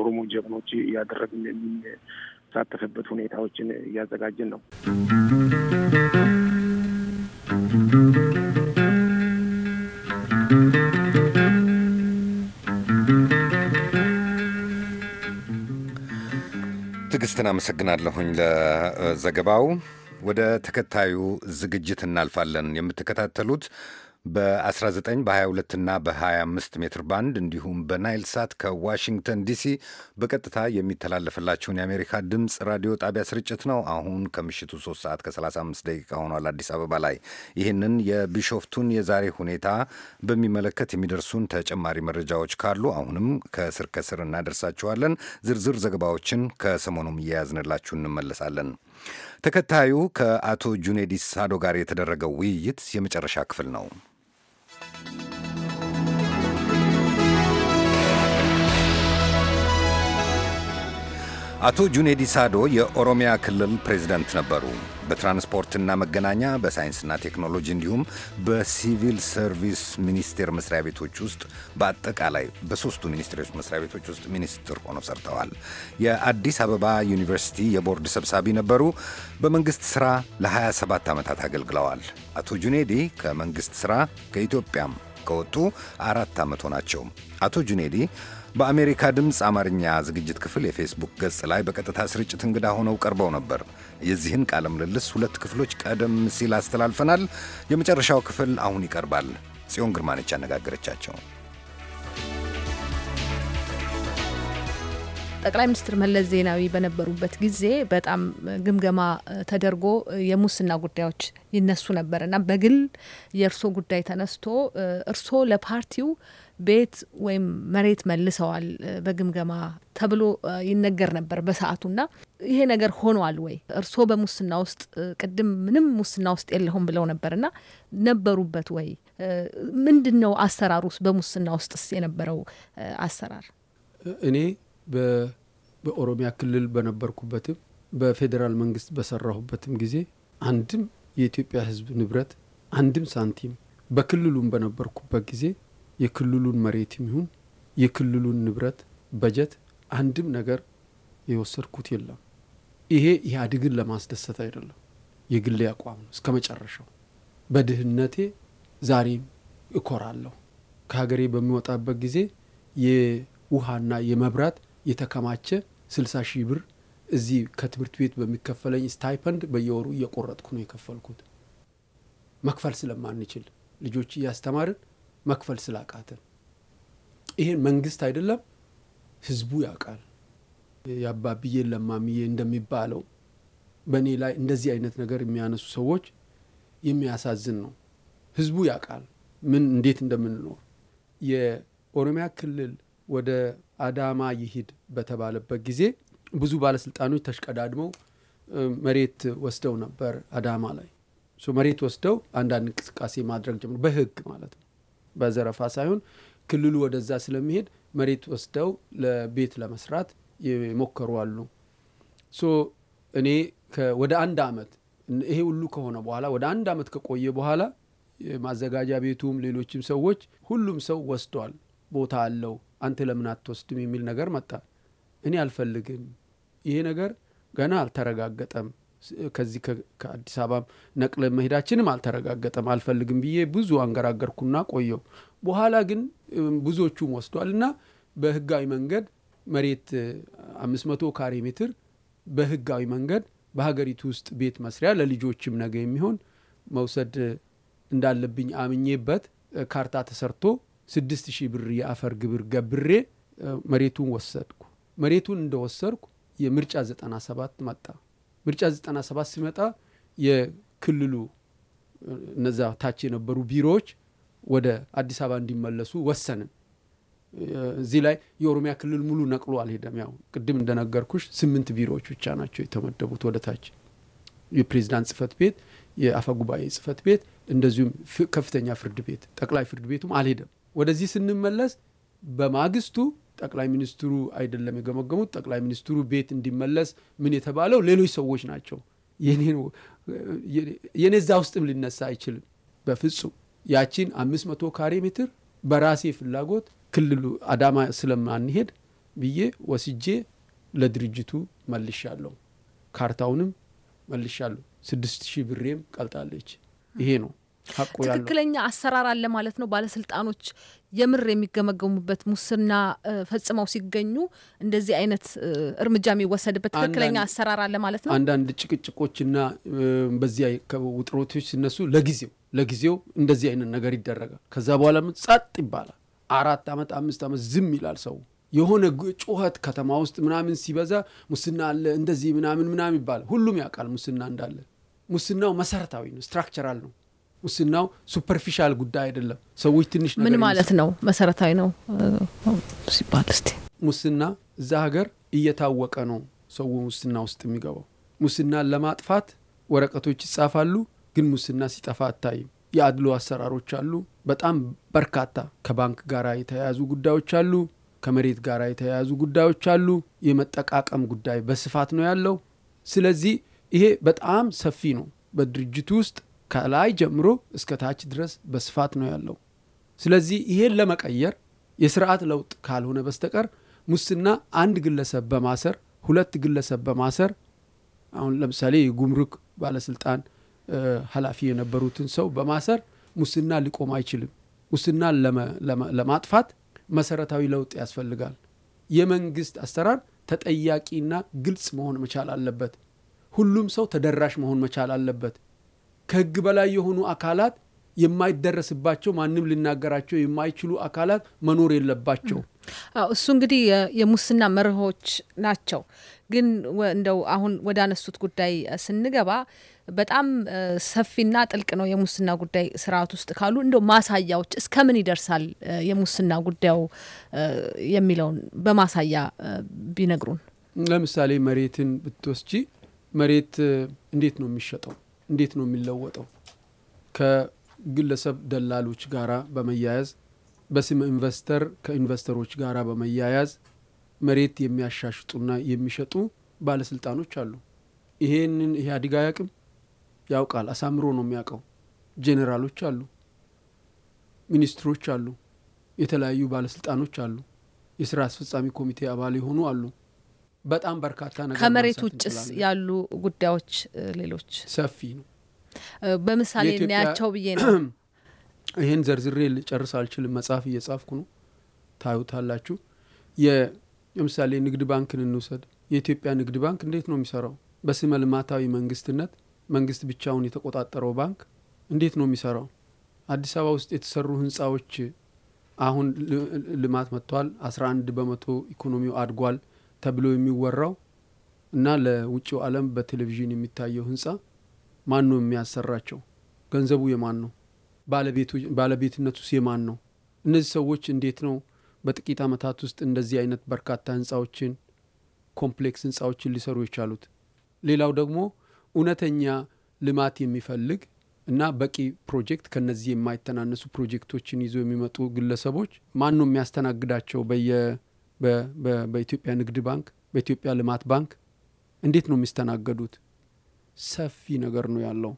Speaker 11: ኦሮሞ ጀግኖች እያደረግን የምንሳተፍበት ሁኔታዎችን እያዘጋጀን ነው።
Speaker 1: ትዕግስትን አመሰግናለሁኝ ለዘገባው። ወደ ተከታዩ ዝግጅት እናልፋለን። የምትከታተሉት በ19 በ22 እና በ25 ሜትር ባንድ እንዲሁም በናይል ሳት ከዋሽንግተን ዲሲ በቀጥታ የሚተላለፍላችሁን የአሜሪካ ድምፅ ራዲዮ ጣቢያ ስርጭት ነው። አሁን ከምሽቱ 3 ሰዓት ከ35 ደቂቃ ሆኗል አዲስ አበባ ላይ። ይህንን የቢሾፍቱን የዛሬ ሁኔታ በሚመለከት የሚደርሱን ተጨማሪ መረጃዎች ካሉ አሁንም ከስር ከስር እናደርሳችኋለን። ዝርዝር ዘገባዎችን ከሰሞኑም እየያዝንላችሁ እንመለሳለን። ተከታዩ ከአቶ ጁኔዲስ ሳዶ ጋር የተደረገው ውይይት የመጨረሻ ክፍል ነው። አቶ ጁኔዲ ሳዶ የኦሮሚያ ክልል ፕሬዝደንት ነበሩ። በትራንስፖርትና መገናኛ፣ በሳይንስና ቴክኖሎጂ እንዲሁም በሲቪል ሰርቪስ ሚኒስቴር መስሪያ ቤቶች ውስጥ በአጠቃላይ በሶስቱ ሚኒስቴሮች መስሪያ ቤቶች ውስጥ ሚኒስትር ሆኖ ሰርተዋል። የአዲስ አበባ ዩኒቨርሲቲ የቦርድ ሰብሳቢ ነበሩ። በመንግስት ስራ ለ27 ዓመታት አገልግለዋል። አቶ ጁኔዲ ከመንግስት ስራ ከኢትዮጵያም ከወጡ አራት ዓመት ሆናቸው። አቶ ጁኔዲ በአሜሪካ ድምፅ አማርኛ ዝግጅት ክፍል የፌስቡክ ገጽ ላይ በቀጥታ ስርጭት እንግዳ ሆነው ቀርበው ነበር። የዚህን ቃለ ምልልስ ሁለት ክፍሎች ቀደም ሲል አስተላልፈናል። የመጨረሻው ክፍል አሁን ይቀርባል። ጽዮን ግርማነች ያነጋገረቻቸው
Speaker 7: ጠቅላይ ሚኒስትር መለስ ዜናዊ በነበሩበት ጊዜ በጣም ግምገማ ተደርጎ የሙስና ጉዳዮች ይነሱ ነበር እና በግል የእርሶ ጉዳይ ተነስቶ እርሶ ለፓርቲው ቤት ወይም መሬት መልሰዋል በግምገማ ተብሎ ይነገር ነበር በሰዓቱና ይሄ ነገር ሆኗል ወይ? እርስዎ በሙስና ውስጥ ቅድም ምንም ሙስና ውስጥ የለሁም ብለው ነበርና ነበሩበት ወይ? ምንድን ነው አሰራሩስ? በሙስና ውስጥስ የነበረው አሰራር
Speaker 12: እኔ በኦሮሚያ ክልል በነበርኩበትም በፌዴራል መንግስት በሰራሁበትም ጊዜ አንድም የኢትዮጵያ ሕዝብ ንብረት አንድም ሳንቲም በክልሉም በነበርኩበት ጊዜ የክልሉን መሬትም ይሁን የክልሉን ንብረት በጀት አንድም ነገር የወሰድኩት የለም። ይሄ ኢህአዴግን ለማስደሰት አይደለም፣ የግሌ አቋም ነው። እስከ መጨረሻው በድህነቴ ዛሬም እኮራለሁ። ከሀገሬ በሚወጣበት ጊዜ የውሃና የመብራት የተከማቸ ስልሳ ሺህ ብር እዚህ ከትምህርት ቤት በሚከፈለኝ ስታይፐንድ በየወሩ እየቆረጥኩ ነው የከፈልኩት። መክፈል ስለማንችል ልጆች እያስተማርን መክፈል ስላቃትን ይሄን መንግስት አይደለም ህዝቡ ያውቃል። የአባብዬን ለማምዬ እንደሚባለው በእኔ ላይ እንደዚህ አይነት ነገር የሚያነሱ ሰዎች የሚያሳዝን ነው። ህዝቡ ያውቃል ምን እንዴት እንደምንኖር። የኦሮሚያ ክልል ወደ አዳማ ይሂድ በተባለበት ጊዜ ብዙ ባለስልጣኖች ተሽቀዳድመው መሬት ወስደው ነበር አዳማ ላይ መሬት ወስደው አንዳንድ እንቅስቃሴ ማድረግ ጀምሮ በህግ ማለት ነው። በዘረፋ ሳይሆን ክልሉ ወደዛ ስለሚሄድ መሬት ወስደው ለቤት ለመስራት የሞከሩ አሉ። ሶ እኔ ወደ አንድ አመት ይሄ ሁሉ ከሆነ በኋላ ወደ አንድ አመት ከቆየ በኋላ ማዘጋጃ ቤቱም ሌሎችም ሰዎች ሁሉም ሰው ወስዷል፣ ቦታ አለው፣ አንተ ለምን አትወስድም የሚል ነገር መጣ። እኔ አልፈልግም፣ ይሄ ነገር ገና አልተረጋገጠም ከዚህ ከአዲስ አበባ ነቅለ መሄዳችንም አልተረጋገጠም። አልፈልግም ብዬ ብዙ አንገራገርኩና ቆየው። በኋላ ግን ብዙዎቹም ወስዷል እና በህጋዊ መንገድ መሬት 500 ካሬ ሜትር በህጋዊ መንገድ በሀገሪቱ ውስጥ ቤት መስሪያ ለልጆችም ነገ የሚሆን መውሰድ እንዳለብኝ አምኜበት ካርታ ተሰርቶ ስድስት ሺህ ብር የአፈር ግብር ገብሬ መሬቱን ወሰድኩ። መሬቱን እንደወሰድኩ የምርጫ 97 መጣ። ምርጫ 97 ሲመጣ የክልሉ እነዛ ታች የነበሩ ቢሮዎች ወደ አዲስ አበባ እንዲመለሱ ወሰንን። እዚህ ላይ የኦሮሚያ ክልል ሙሉ ነቅሎ አልሄደም። ያው ቅድም እንደነገርኩሽ ስምንት ቢሮዎች ብቻ ናቸው የተመደቡት ወደ ታች የፕሬዚዳንት ጽህፈት ቤት፣ የአፈ ጉባኤ ጽህፈት ቤት እንደዚሁም ከፍተኛ ፍርድ ቤት፣ ጠቅላይ ፍርድ ቤቱም አልሄደም። ወደዚህ ስንመለስ በማግስቱ ጠቅላይ ሚኒስትሩ አይደለም የገመገሙት። ጠቅላይ ሚኒስትሩ ቤት እንዲመለስ ምን የተባለው ሌሎች ሰዎች ናቸው። የኔ እዛ ውስጥም ሊነሳ አይችልም በፍጹም። ያቺን አምስት መቶ ካሬ ሜትር በራሴ ፍላጎት ክልሉ አዳማ ስለማንሄድ ብዬ ወስጄ ለድርጅቱ መልሻለሁ። ካርታውንም መልሻለሁ። ስድስት ሺህ ብሬም ቀልጣለች። ይሄ ነው። ትክክለኛ
Speaker 7: አሰራር አለ ማለት ነው። ባለስልጣኖች የምር የሚገመገሙበት ሙስና ፈጽመው ሲገኙ እንደዚህ አይነት እርምጃ የሚወሰድበት ትክክለኛ አሰራር አለ ማለት ነው።
Speaker 12: አንዳንድ ጭቅጭቆችና በዚያ ውጥረቶች ሲነሱ ለጊዜው ለጊዜው እንደዚህ አይነት ነገር ይደረጋል። ከዛ በኋላ ጸጥ ይባላል። አራት ዓመት አምስት ዓመት ዝም ይላል ሰው የሆነ ጩኸት ከተማ ውስጥ ምናምን ሲበዛ ሙስና አለ እንደዚህ ምናምን ምናምን ይባላል። ሁሉም ያውቃል ሙስና እንዳለ። ሙስናው መሰረታዊ ነው፣ ስትራክቸራል ነው። ሙስናው ሱፐርፊሻል ጉዳይ አይደለም። ሰዎች ትንሽ ምን ማለት ነው
Speaker 7: መሰረታዊ ነው ሲባል
Speaker 12: ስ ሙስና እዛ ሀገር እየታወቀ ነው ሰው ሙስና ውስጥ የሚገባው። ሙስናን ለማጥፋት ወረቀቶች ይጻፋሉ፣ ግን ሙስና ሲጠፋ አታይም። የአድሎ አሰራሮች አሉ። በጣም በርካታ ከባንክ ጋር የተያያዙ ጉዳዮች አሉ። ከመሬት ጋር የተያያዙ ጉዳዮች አሉ። የመጠቃቀም ጉዳይ በስፋት ነው ያለው። ስለዚህ ይሄ በጣም ሰፊ ነው። በድርጅቱ ውስጥ ከላይ ጀምሮ እስከ ታች ድረስ በስፋት ነው ያለው። ስለዚህ ይሄን ለመቀየር የስርዓት ለውጥ ካልሆነ በስተቀር ሙስና አንድ ግለሰብ በማሰር ሁለት ግለሰብ በማሰር አሁን ለምሳሌ የጉምሩክ ባለስልጣን ኃላፊ የነበሩትን ሰው በማሰር ሙስና ሊቆም አይችልም። ሙስናን ለማጥፋት መሰረታዊ ለውጥ ያስፈልጋል። የመንግስት አሰራር ተጠያቂና ግልጽ መሆን መቻል አለበት። ሁሉም ሰው ተደራሽ መሆን መቻል አለበት። ከህግ በላይ የሆኑ አካላት የማይደረስባቸው ማንም ልናገራቸው የማይችሉ አካላት መኖር የለባቸው።
Speaker 7: እሱ እንግዲህ የሙስና መርሆች ናቸው። ግን እንደው አሁን ወደ አነሱት ጉዳይ ስንገባ በጣም ሰፊና ጥልቅ ነው የሙስና ጉዳይ ስርዓት ውስጥ ካሉ እንደው ማሳያዎች እስከ ምን ይደርሳል የሙስና ጉዳዩ የሚለውን በማሳያ ቢነግሩን።
Speaker 12: ለምሳሌ መሬትን ብትወስጂ መሬት እንዴት ነው የሚሸጠው? እንዴት ነው የሚለወጠው? ከግለሰብ ደላሎች ጋራ በመያያዝ በስም ኢንቨስተር ከኢንቨስተሮች ጋራ በመያያዝ መሬት የሚያሻሽጡና የሚሸጡ ባለስልጣኖች አሉ። ይሄንን ኢህአዴግ አያውቅም፣ ያውቃል። አሳምሮ ነው የሚያውቀው። ጄኔራሎች አሉ፣ ሚኒስትሮች አሉ፣ የተለያዩ ባለስልጣኖች አሉ፣ የስራ አስፈጻሚ ኮሚቴ አባል የሆኑ አሉ። በጣም በርካታ ነገር ከመሬት ውጭስ
Speaker 7: ያሉ ጉዳዮች ሌሎች ሰፊ ነው። በምሳሌ እናያቸው ብዬ ነው።
Speaker 12: ይህን ዘርዝሬ ልጨርስ አልችልም። መጽሐፍ እየጻፍኩ ነው፣ ታዩታላችሁ። ለምሳሌ ንግድ ባንክን እንውሰድ። የኢትዮጵያ ንግድ ባንክ እንዴት ነው የሚሰራው? በስመ ልማታዊ መንግስትነት መንግስት ብቻውን የተቆጣጠረው ባንክ እንዴት ነው የሚሰራው? አዲስ አበባ ውስጥ የተሰሩ ህንፃዎች አሁን ልማት መጥቷል። አስራ አንድ በመቶ ኢኮኖሚው አድጓል። ተብሎ የሚወራው እና ለውጭው ዓለም በቴሌቪዥን የሚታየው ህንፃ ማን ነው የሚያሰራቸው? ገንዘቡ የማን ነው? ባለቤትነቱስ የማን ነው? እነዚህ ሰዎች እንዴት ነው በጥቂት ዓመታት ውስጥ እንደዚህ አይነት በርካታ ህንፃዎችን፣ ኮምፕሌክስ ህንፃዎችን ሊሰሩ የቻሉት? ሌላው ደግሞ እውነተኛ ልማት የሚፈልግ እና በቂ ፕሮጀክት ከነዚህ የማይተናነሱ ፕሮጀክቶችን ይዞ የሚመጡ ግለሰቦች ማን ነው የሚያስተናግዳቸው በየ በኢትዮጵያ ንግድ ባንክ፣ በኢትዮጵያ ልማት ባንክ እንዴት ነው የሚስተናገዱት? ሰፊ ነገር ነው ያለው።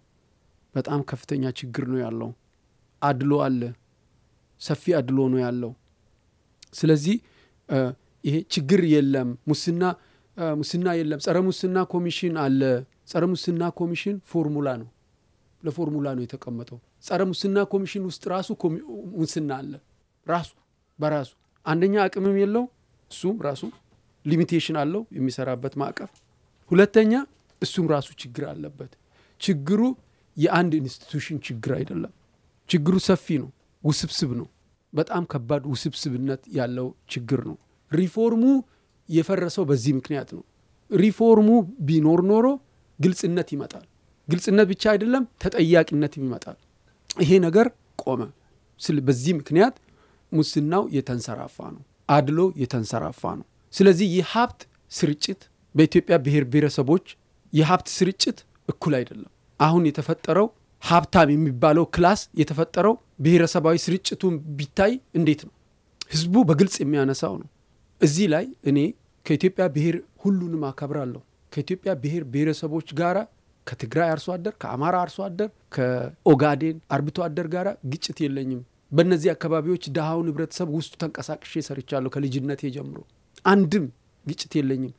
Speaker 12: በጣም ከፍተኛ ችግር ነው ያለው። አድሎ አለ። ሰፊ አድሎ ነው ያለው። ስለዚህ ይሄ ችግር የለም፣ ሙስና ሙስና የለም፣ ጸረ ሙስና ኮሚሽን አለ። ጸረ ሙስና ኮሚሽን ፎርሙላ ነው፣ ለፎርሙላ ነው የተቀመጠው። ጸረ ሙስና ኮሚሽን ውስጥ ራሱ ሙስና አለ፣ ራሱ በራሱ አንደኛ አቅምም የለው እሱም ራሱ ሊሚቴሽን አለው የሚሰራበት ማዕቀፍ። ሁለተኛ እሱም ራሱ ችግር አለበት። ችግሩ የአንድ ኢንስቲቱሽን ችግር አይደለም። ችግሩ ሰፊ ነው፣ ውስብስብ ነው። በጣም ከባድ ውስብስብነት ያለው ችግር ነው። ሪፎርሙ የፈረሰው በዚህ ምክንያት ነው። ሪፎርሙ ቢኖር ኖሮ ግልጽነት ይመጣል። ግልጽነት ብቻ አይደለም ተጠያቂነትም ይመጣል። ይሄ ነገር ቆመ በዚህ ምክንያት ሙስናው የተንሰራፋ ነው። አድሎ የተንሰራፋ ነው። ስለዚህ የሀብት ስርጭት በኢትዮጵያ ብሔር ብሔረሰቦች የሀብት ስርጭት እኩል አይደለም። አሁን የተፈጠረው ሀብታም የሚባለው ክላስ የተፈጠረው ብሔረሰባዊ ስርጭቱን ቢታይ እንዴት ነው? ህዝቡ በግልጽ የሚያነሳው ነው። እዚህ ላይ እኔ ከኢትዮጵያ ብሔር ሁሉንም አከብራለሁ። ከኢትዮጵያ ብሔር ብሔረሰቦች ጋራ ከትግራይ አርሶ አደር፣ ከአማራ አርሶ አደር፣ ከኦጋዴን አርብቶ አደር ጋራ ግጭት የለኝም። በእነዚህ አካባቢዎች ድሃውን ህብረተሰብ ውስጡ ተንቀሳቅሼ ሰርቻለሁ ከልጅነቴ ጀምሮ አንድም ግጭት የለኝም።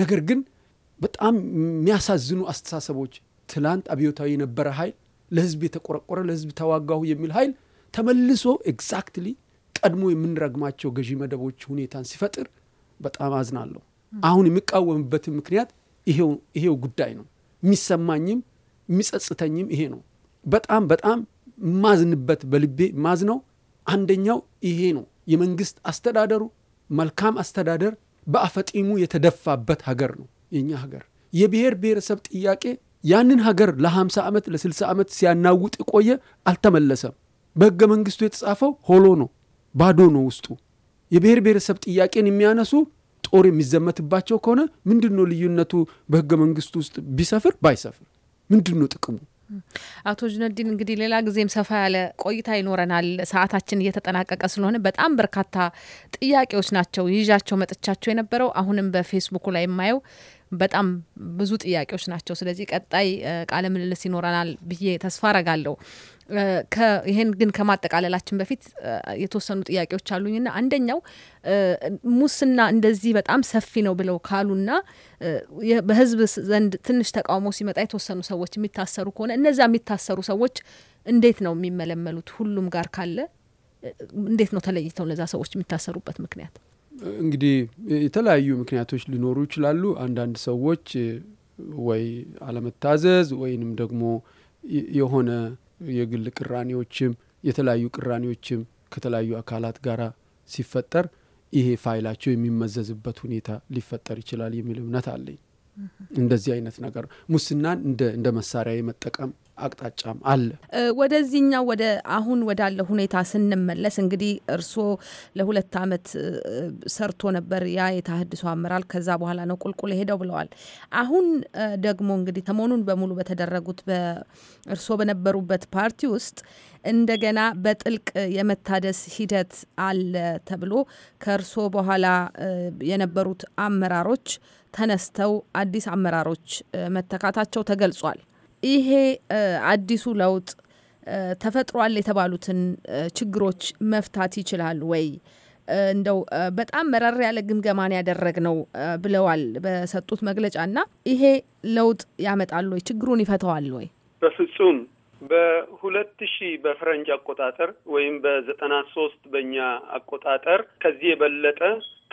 Speaker 12: ነገር ግን በጣም የሚያሳዝኑ አስተሳሰቦች ትላንት አብዮታዊ የነበረ ኃይል ለህዝብ የተቆረቆረ ለህዝብ ተዋጋሁ የሚል ኃይል ተመልሶ ኤግዛክትሊ ቀድሞ የምንረግማቸው ገዢ መደቦች ሁኔታን ሲፈጥር በጣም አዝናለሁ። አሁን የሚቃወምበትን ምክንያት ይሄው ጉዳይ ነው። የሚሰማኝም የሚጸጽተኝም ይሄ ነው። በጣም በጣም ማዝንበት በልቤ ማዝ ነው። አንደኛው ይሄ ነው። የመንግስት አስተዳደሩ መልካም አስተዳደር በአፈጢሙ የተደፋበት ሀገር ነው የኛ ሀገር። የብሔር ብሔረሰብ ጥያቄ ያንን ሀገር ለ50 ዓመት ለ60 ዓመት ሲያናውጥ ቆየ፣ አልተመለሰም። በሕገ መንግስቱ የተጻፈው ሆሎ ነው፣ ባዶ ነው ውስጡ። የብሔር ብሔረሰብ ጥያቄን የሚያነሱ ጦር የሚዘመትባቸው ከሆነ ምንድን ነው ልዩነቱ? በሕገ መንግስቱ ውስጥ ቢሰፍር ባይሰፍር ምንድን ነው ጥቅሙ?
Speaker 7: አቶ ጁነዲን እንግዲህ ሌላ ጊዜም ሰፋ ያለ ቆይታ ይኖረናል። ሰዓታችን እየተጠናቀቀ ስለሆነ በጣም በርካታ ጥያቄዎች ናቸው ይዣቸው መጥቻቸው የነበረው አሁንም በፌስቡኩ ላይ የማየው በጣም ብዙ ጥያቄዎች ናቸው። ስለዚህ ቀጣይ ቃለ ምልልስ ይኖረናል ብዬ ተስፋ አረጋለሁ። ይህን ግን ከማጠቃለላችን በፊት የተወሰኑ ጥያቄዎች አሉኝና አንደኛው ሙስና እንደዚህ በጣም ሰፊ ነው ብለው ካሉና በህዝብ ዘንድ ትንሽ ተቃውሞ ሲመጣ የተወሰኑ ሰዎች የሚታሰሩ ከሆነ እነዛ የሚታሰሩ ሰዎች እንዴት ነው የሚመለመሉት? ሁሉም ጋር ካለ እንዴት ነው ተለይተው እነዛ ሰዎች የሚታሰሩበት ምክንያት?
Speaker 12: እንግዲህ የተለያዩ ምክንያቶች ሊኖሩ ይችላሉ። አንዳንድ ሰዎች ወይ አለመታዘዝ ወይንም ደግሞ የሆነ የግል ቅራኔዎችም የተለያዩ ቅራኔዎችም ከተለያዩ አካላት ጋራ ሲፈጠር ይሄ ፋይላቸው የሚመዘዝበት ሁኔታ ሊፈጠር ይችላል የሚል እምነት አለኝ። እንደዚህ አይነት ነገር ሙስናን እንደ መሳሪያ የመጠቀም አቅጣጫም አለ።
Speaker 7: ወደዚህኛው ወደ አሁን ወዳለ ሁኔታ ስንመለስ እንግዲህ እርስዎ ለሁለት ዓመት ሰርቶ ነበር ያ የተሃድሶ አመራር ከዛ በኋላ ነው ቁልቁል ሄደው ብለዋል። አሁን ደግሞ እንግዲህ ሰሞኑን በሙሉ በተደረጉት በእርስዎ በነበሩበት ፓርቲ ውስጥ እንደገና በጥልቅ የመታደስ ሂደት አለ ተብሎ ከእርስዎ በኋላ የነበሩት አመራሮች ተነስተው አዲስ አመራሮች መተካታቸው ተገልጿል። ይሄ አዲሱ ለውጥ ተፈጥሯል የተባሉትን ችግሮች መፍታት ይችላል ወይ? እንደው በጣም መረር ያለ ግምገማን ያደረግ ነው ብለዋል በሰጡት መግለጫ እና ይሄ ለውጥ ያመጣል ወይ? ችግሩን ይፈተዋል ወይ?
Speaker 13: በፍጹም በሁለት ሺህ በፈረንጅ አቆጣጠር ወይም በዘጠና ሶስት በእኛ አቆጣጠር ከዚህ የበለጠ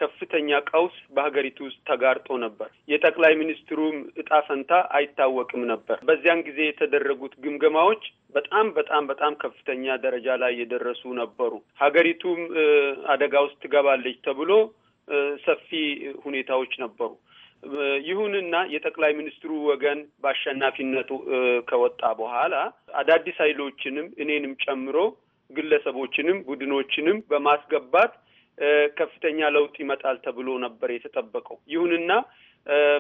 Speaker 13: ከፍተኛ ቀውስ በሀገሪቱ ውስጥ ተጋርጦ ነበር። የጠቅላይ ሚኒስትሩም እጣ ፈንታ አይታወቅም ነበር። በዚያን ጊዜ የተደረጉት ግምገማዎች በጣም በጣም በጣም ከፍተኛ ደረጃ ላይ የደረሱ ነበሩ። ሀገሪቱም አደጋ ውስጥ ትገባለች ተብሎ ሰፊ ሁኔታዎች ነበሩ። ይሁንና የጠቅላይ ሚኒስትሩ ወገን በአሸናፊነቱ ከወጣ በኋላ አዳዲስ ኃይሎችንም እኔንም ጨምሮ ግለሰቦችንም ቡድኖችንም በማስገባት ከፍተኛ ለውጥ ይመጣል ተብሎ ነበር የተጠበቀው። ይሁንና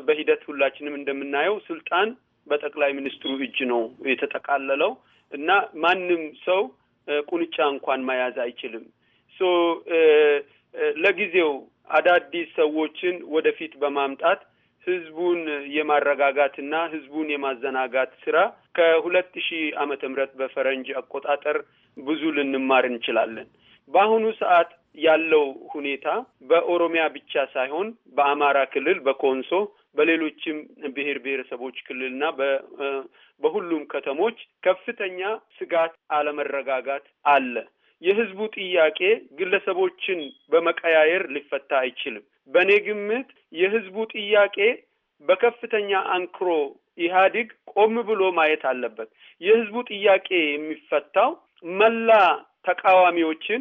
Speaker 13: በሂደት ሁላችንም እንደምናየው ስልጣን በጠቅላይ ሚኒስትሩ እጅ ነው የተጠቃለለው እና ማንም ሰው ቁንጫ እንኳን መያዝ አይችልም። ሶ ለጊዜው አዳዲስ ሰዎችን ወደፊት በማምጣት ህዝቡን የማረጋጋትና ህዝቡን የማዘናጋት ስራ ከሁለት ሺህ ዓመተ ምህረት በፈረንጅ አቆጣጠር ብዙ ልንማር እንችላለን። በአሁኑ ሰዓት ያለው ሁኔታ በኦሮሚያ ብቻ ሳይሆን በአማራ ክልል፣ በኮንሶ፣ በሌሎችም ብሔር ብሔረሰቦች ክልልና በሁሉም ከተሞች ከፍተኛ ስጋት፣ አለመረጋጋት አለ። የህዝቡ ጥያቄ ግለሰቦችን በመቀያየር ሊፈታ አይችልም። በእኔ ግምት የህዝቡ ጥያቄ በከፍተኛ አንክሮ ኢህአዲግ ቆም ብሎ ማየት አለበት። የህዝቡ ጥያቄ የሚፈታው መላ ተቃዋሚዎችን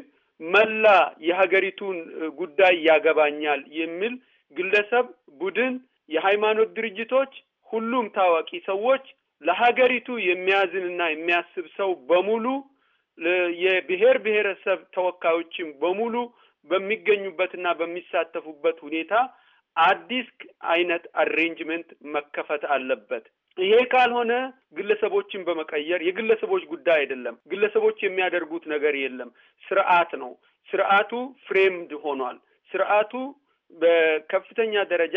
Speaker 13: መላ የሀገሪቱን ጉዳይ ያገባኛል የሚል ግለሰብ፣ ቡድን፣ የሃይማኖት ድርጅቶች፣ ሁሉም ታዋቂ ሰዎች ለሀገሪቱ የሚያዝንና የሚያስብ ሰው በሙሉ የብሔር ብሔረሰብ ተወካዮችም በሙሉ በሚገኙበትና በሚሳተፉበት ሁኔታ አዲስ አይነት አሬንጅመንት መከፈት አለበት። ይሄ ካልሆነ ግለሰቦችን በመቀየር የግለሰቦች ጉዳይ አይደለም። ግለሰቦች የሚያደርጉት ነገር የለም። ስርዓት ነው። ስርዓቱ ፍሬምድ ሆኗል። ስርዓቱ በከፍተኛ ደረጃ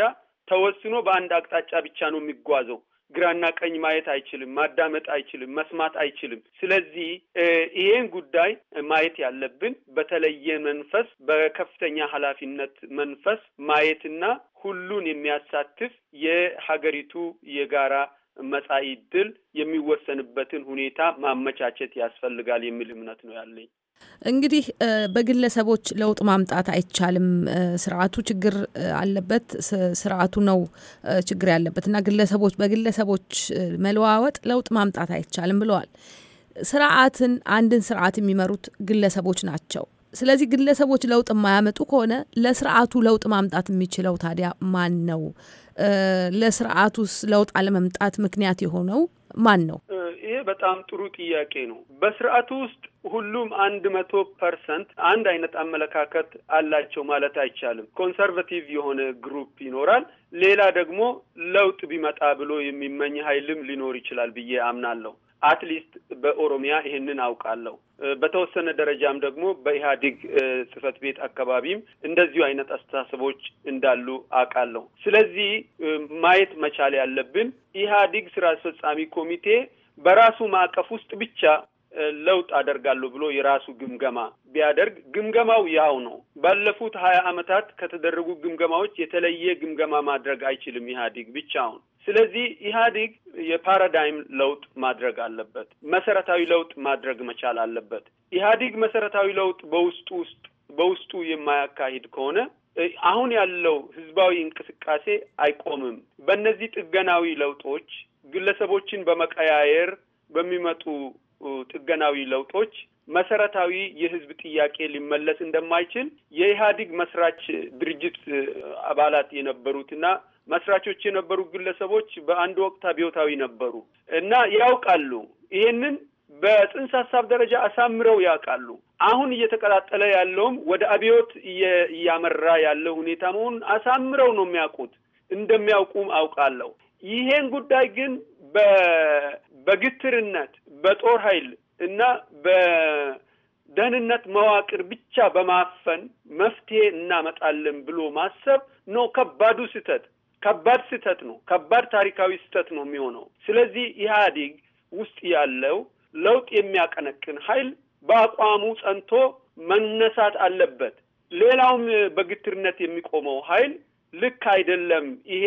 Speaker 13: ተወስኖ በአንድ አቅጣጫ ብቻ ነው የሚጓዘው። ግራና ቀኝ ማየት አይችልም፣ ማዳመጥ አይችልም፣ መስማት አይችልም። ስለዚህ ይሄን ጉዳይ ማየት ያለብን በተለየ መንፈስ፣ በከፍተኛ ኃላፊነት መንፈስ ማየትና ሁሉን የሚያሳትፍ የሀገሪቱ የጋራ መጻኢ ዕድል የሚወሰንበትን ሁኔታ ማመቻቸት ያስፈልጋል የሚል እምነት ነው ያለኝ።
Speaker 7: እንግዲህ በግለሰቦች ለውጥ ማምጣት አይቻልም። ስርዓቱ ችግር አለበት፣ ስርዓቱ ነው ችግር ያለበት እና ግለሰቦች በግለሰቦች መለዋወጥ ለውጥ ማምጣት አይቻልም ብለዋል። ስርዓትን አንድን ስርዓት የሚመሩት ግለሰቦች ናቸው። ስለዚህ ግለሰቦች ለውጥ የማያመጡ ከሆነ ለስርዓቱ ለውጥ ማምጣት የሚችለው ታዲያ ማን ነው? ለስርዓቱስ ለውጥ አለመምጣት ምክንያት የሆነው ማን ነው?
Speaker 13: ይሄ በጣም ጥሩ ጥያቄ ነው። በስርዓቱ ውስጥ ሁሉም አንድ መቶ ፐርሰንት አንድ አይነት አመለካከት አላቸው ማለት አይቻልም። ኮንሰርቫቲቭ የሆነ ግሩፕ ይኖራል። ሌላ ደግሞ ለውጥ ቢመጣ ብሎ የሚመኝ ሀይልም ሊኖር ይችላል ብዬ አምናለሁ። አትሊስት በኦሮሚያ ይህንን አውቃለሁ። በተወሰነ ደረጃም ደግሞ በኢህአዴግ ጽህፈት ቤት አካባቢም እንደዚሁ አይነት አስተሳሰቦች እንዳሉ አውቃለሁ። ስለዚህ ማየት መቻል ያለብን ኢህአዴግ ስራ አስፈጻሚ ኮሚቴ በራሱ ማዕቀፍ ውስጥ ብቻ ለውጥ አደርጋለሁ ብሎ የራሱ ግምገማ ቢያደርግ ግምገማው ያው ነው። ባለፉት ሀያ ዓመታት ከተደረጉ ግምገማዎች የተለየ ግምገማ ማድረግ አይችልም ኢህአዴግ ብቻውን። ስለዚህ ኢህአዲግ የፓራዳይም ለውጥ ማድረግ አለበት። መሰረታዊ ለውጥ ማድረግ መቻል አለበት። ኢህአዲግ መሰረታዊ ለውጥ በውስጡ ውስጥ በውስጡ የማያካሂድ ከሆነ አሁን ያለው ህዝባዊ እንቅስቃሴ አይቆምም። በእነዚህ ጥገናዊ ለውጦች ግለሰቦችን በመቀያየር በሚመጡ ጥገናዊ ለውጦች መሰረታዊ የህዝብ ጥያቄ ሊመለስ እንደማይችል የኢህአዲግ መስራች ድርጅት አባላት የነበሩትና መስራቾች የነበሩ ግለሰቦች በአንድ ወቅት አብዮታዊ ነበሩ እና ያውቃሉ። ይሄንን በጽንሰ ሀሳብ ደረጃ አሳምረው ያውቃሉ። አሁን እየተቀጣጠለ ያለውም ወደ አብዮት እያመራ ያለው ሁኔታ መሆኑን አሳምረው ነው የሚያውቁት፣ እንደሚያውቁም አውቃለሁ። ይሄን ጉዳይ ግን በግትርነት በጦር ኃይል እና በደህንነት መዋቅር ብቻ በማፈን መፍትሄ እናመጣለን ብሎ ማሰብ ነው ከባዱ ስህተት። ከባድ ስህተት ነው። ከባድ ታሪካዊ ስህተት ነው የሚሆነው። ስለዚህ ኢህአዴግ ውስጥ ያለው ለውጥ የሚያቀነቅን ኃይል በአቋሙ ጸንቶ መነሳት አለበት። ሌላውም በግትርነት የሚቆመው ኃይል ልክ አይደለም። ይሄ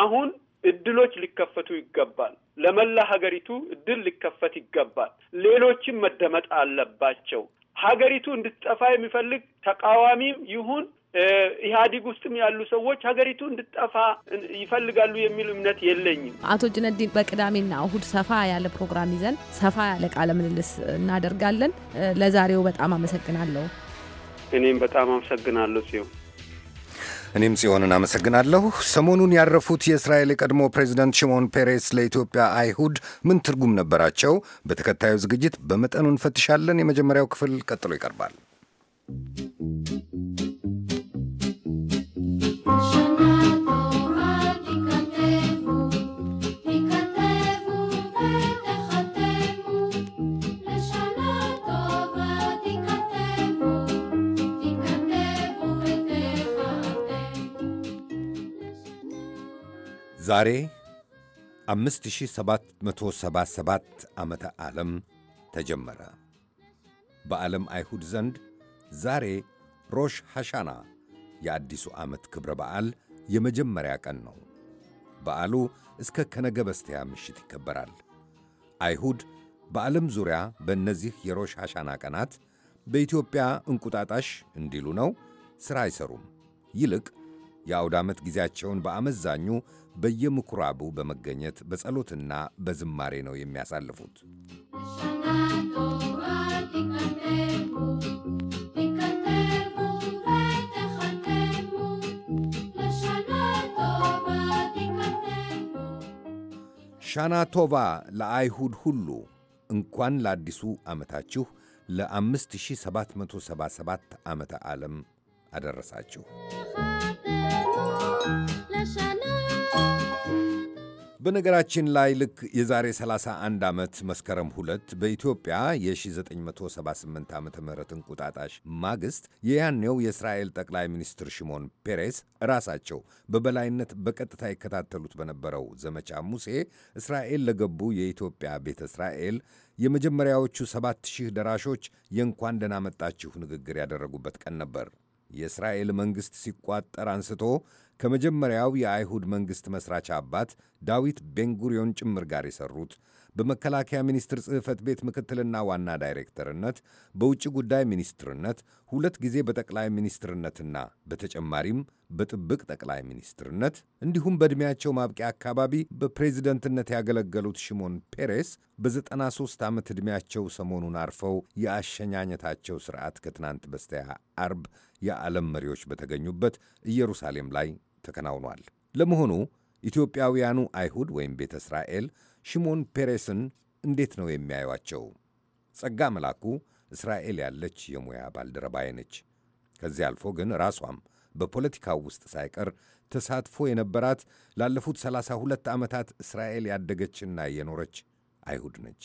Speaker 13: አሁን እድሎች ሊከፈቱ ይገባል። ለመላ ሀገሪቱ እድል ሊከፈት ይገባል። ሌሎችም መደመጥ አለባቸው። ሀገሪቱ እንድትጠፋ የሚፈልግ ተቃዋሚም ይሁን ኢህአዲግ ውስጥም ያሉ ሰዎች ሀገሪቱ እንድጠፋ ይፈልጋሉ የሚል እምነት የለኝም።
Speaker 7: አቶ ጅነዲን በቅዳሜና እሁድ ሰፋ ያለ ፕሮግራም ይዘን ሰፋ ያለ ቃለ ምልልስ እናደርጋለን። ለዛሬው በጣም አመሰግናለሁ።
Speaker 1: እኔም በጣም አመሰግናለሁ ጽዮን። እኔም ጽዮንን አመሰግናለሁ። ሰሞኑን ያረፉት የእስራኤል የቀድሞ ፕሬዚደንት ሽሞን ፔሬስ ለኢትዮጵያ አይሁድ ምን ትርጉም ነበራቸው? በተከታዩ ዝግጅት በመጠኑ እንፈትሻለን። የመጀመሪያው ክፍል ቀጥሎ ይቀርባል። ዛሬ 5777 ዓመተ ዓለም ተጀመረ። በዓለም አይሁድ ዘንድ ዛሬ ሮሽ ሐሻና የአዲሱ ዓመት ክብረ በዓል የመጀመሪያ ቀን ነው። በዓሉ እስከ ከነገ በስቲያ ምሽት ይከበራል። አይሁድ በዓለም ዙሪያ በእነዚህ የሮሽ ሐሻና ቀናት በኢትዮጵያ እንቁጣጣሽ እንዲሉ ነው ሥራ አይሠሩም። ይልቅ የአውድ ዓመት ጊዜያቸውን በአመዛኙ በየምኩራቡ በመገኘት በጸሎትና በዝማሬ ነው የሚያሳልፉት። ሻናቶቫ ለአይሁድ ሁሉ እንኳን ለአዲሱ ዓመታችሁ ለ5777 ዓመተ ዓለም አደረሳችሁ። በነገራችን ላይ ልክ የዛሬ 31 ዓመት መስከረም ሁለት በኢትዮጵያ የ1978 ዓ ም እንቁጣጣሽ ማግስት የያኔው የእስራኤል ጠቅላይ ሚኒስትር ሽሞን ፔሬስ ራሳቸው በበላይነት በቀጥታ ይከታተሉት በነበረው ዘመቻ ሙሴ እስራኤል ለገቡ የኢትዮጵያ ቤተ እስራኤል የመጀመሪያዎቹ ሰባት ሺህ ደራሾች የእንኳን ደህና መጣችሁ ንግግር ያደረጉበት ቀን ነበር። የእስራኤል መንግሥት ሲቋጠር አንስቶ ከመጀመሪያው የአይሁድ መንግሥት መሥራች አባት ዳዊት ቤንጉሪዮን ጭምር ጋር የሠሩት በመከላከያ ሚኒስትር ጽህፈት ቤት ምክትልና ዋና ዳይሬክተርነት፣ በውጭ ጉዳይ ሚኒስትርነት ሁለት ጊዜ በጠቅላይ ሚኒስትርነትና በተጨማሪም በጥብቅ ጠቅላይ ሚኒስትርነት እንዲሁም በዕድሜያቸው ማብቂያ አካባቢ በፕሬዚደንትነት ያገለገሉት ሽሞን ፔሬስ በ93 ዓመት ዕድሜያቸው ሰሞኑን አርፈው የአሸኛኘታቸው ሥርዓት ከትናንት በስቲያ አርብ የዓለም መሪዎች በተገኙበት ኢየሩሳሌም ላይ ተከናውኗል። ለመሆኑ ኢትዮጵያውያኑ አይሁድ ወይም ቤተ እስራኤል ሽሞን ፔሬስን እንዴት ነው የሚያዩቸው? ጸጋ መላኩ እስራኤል ያለች የሙያ ባልደረባዬ ነች። ከዚህ አልፎ ግን ራሷም በፖለቲካው ውስጥ ሳይቀር ተሳትፎ የነበራት ላለፉት ሰላሳ ሁለት ዓመታት እስራኤል ያደገችና የኖረች አይሁድ ነች።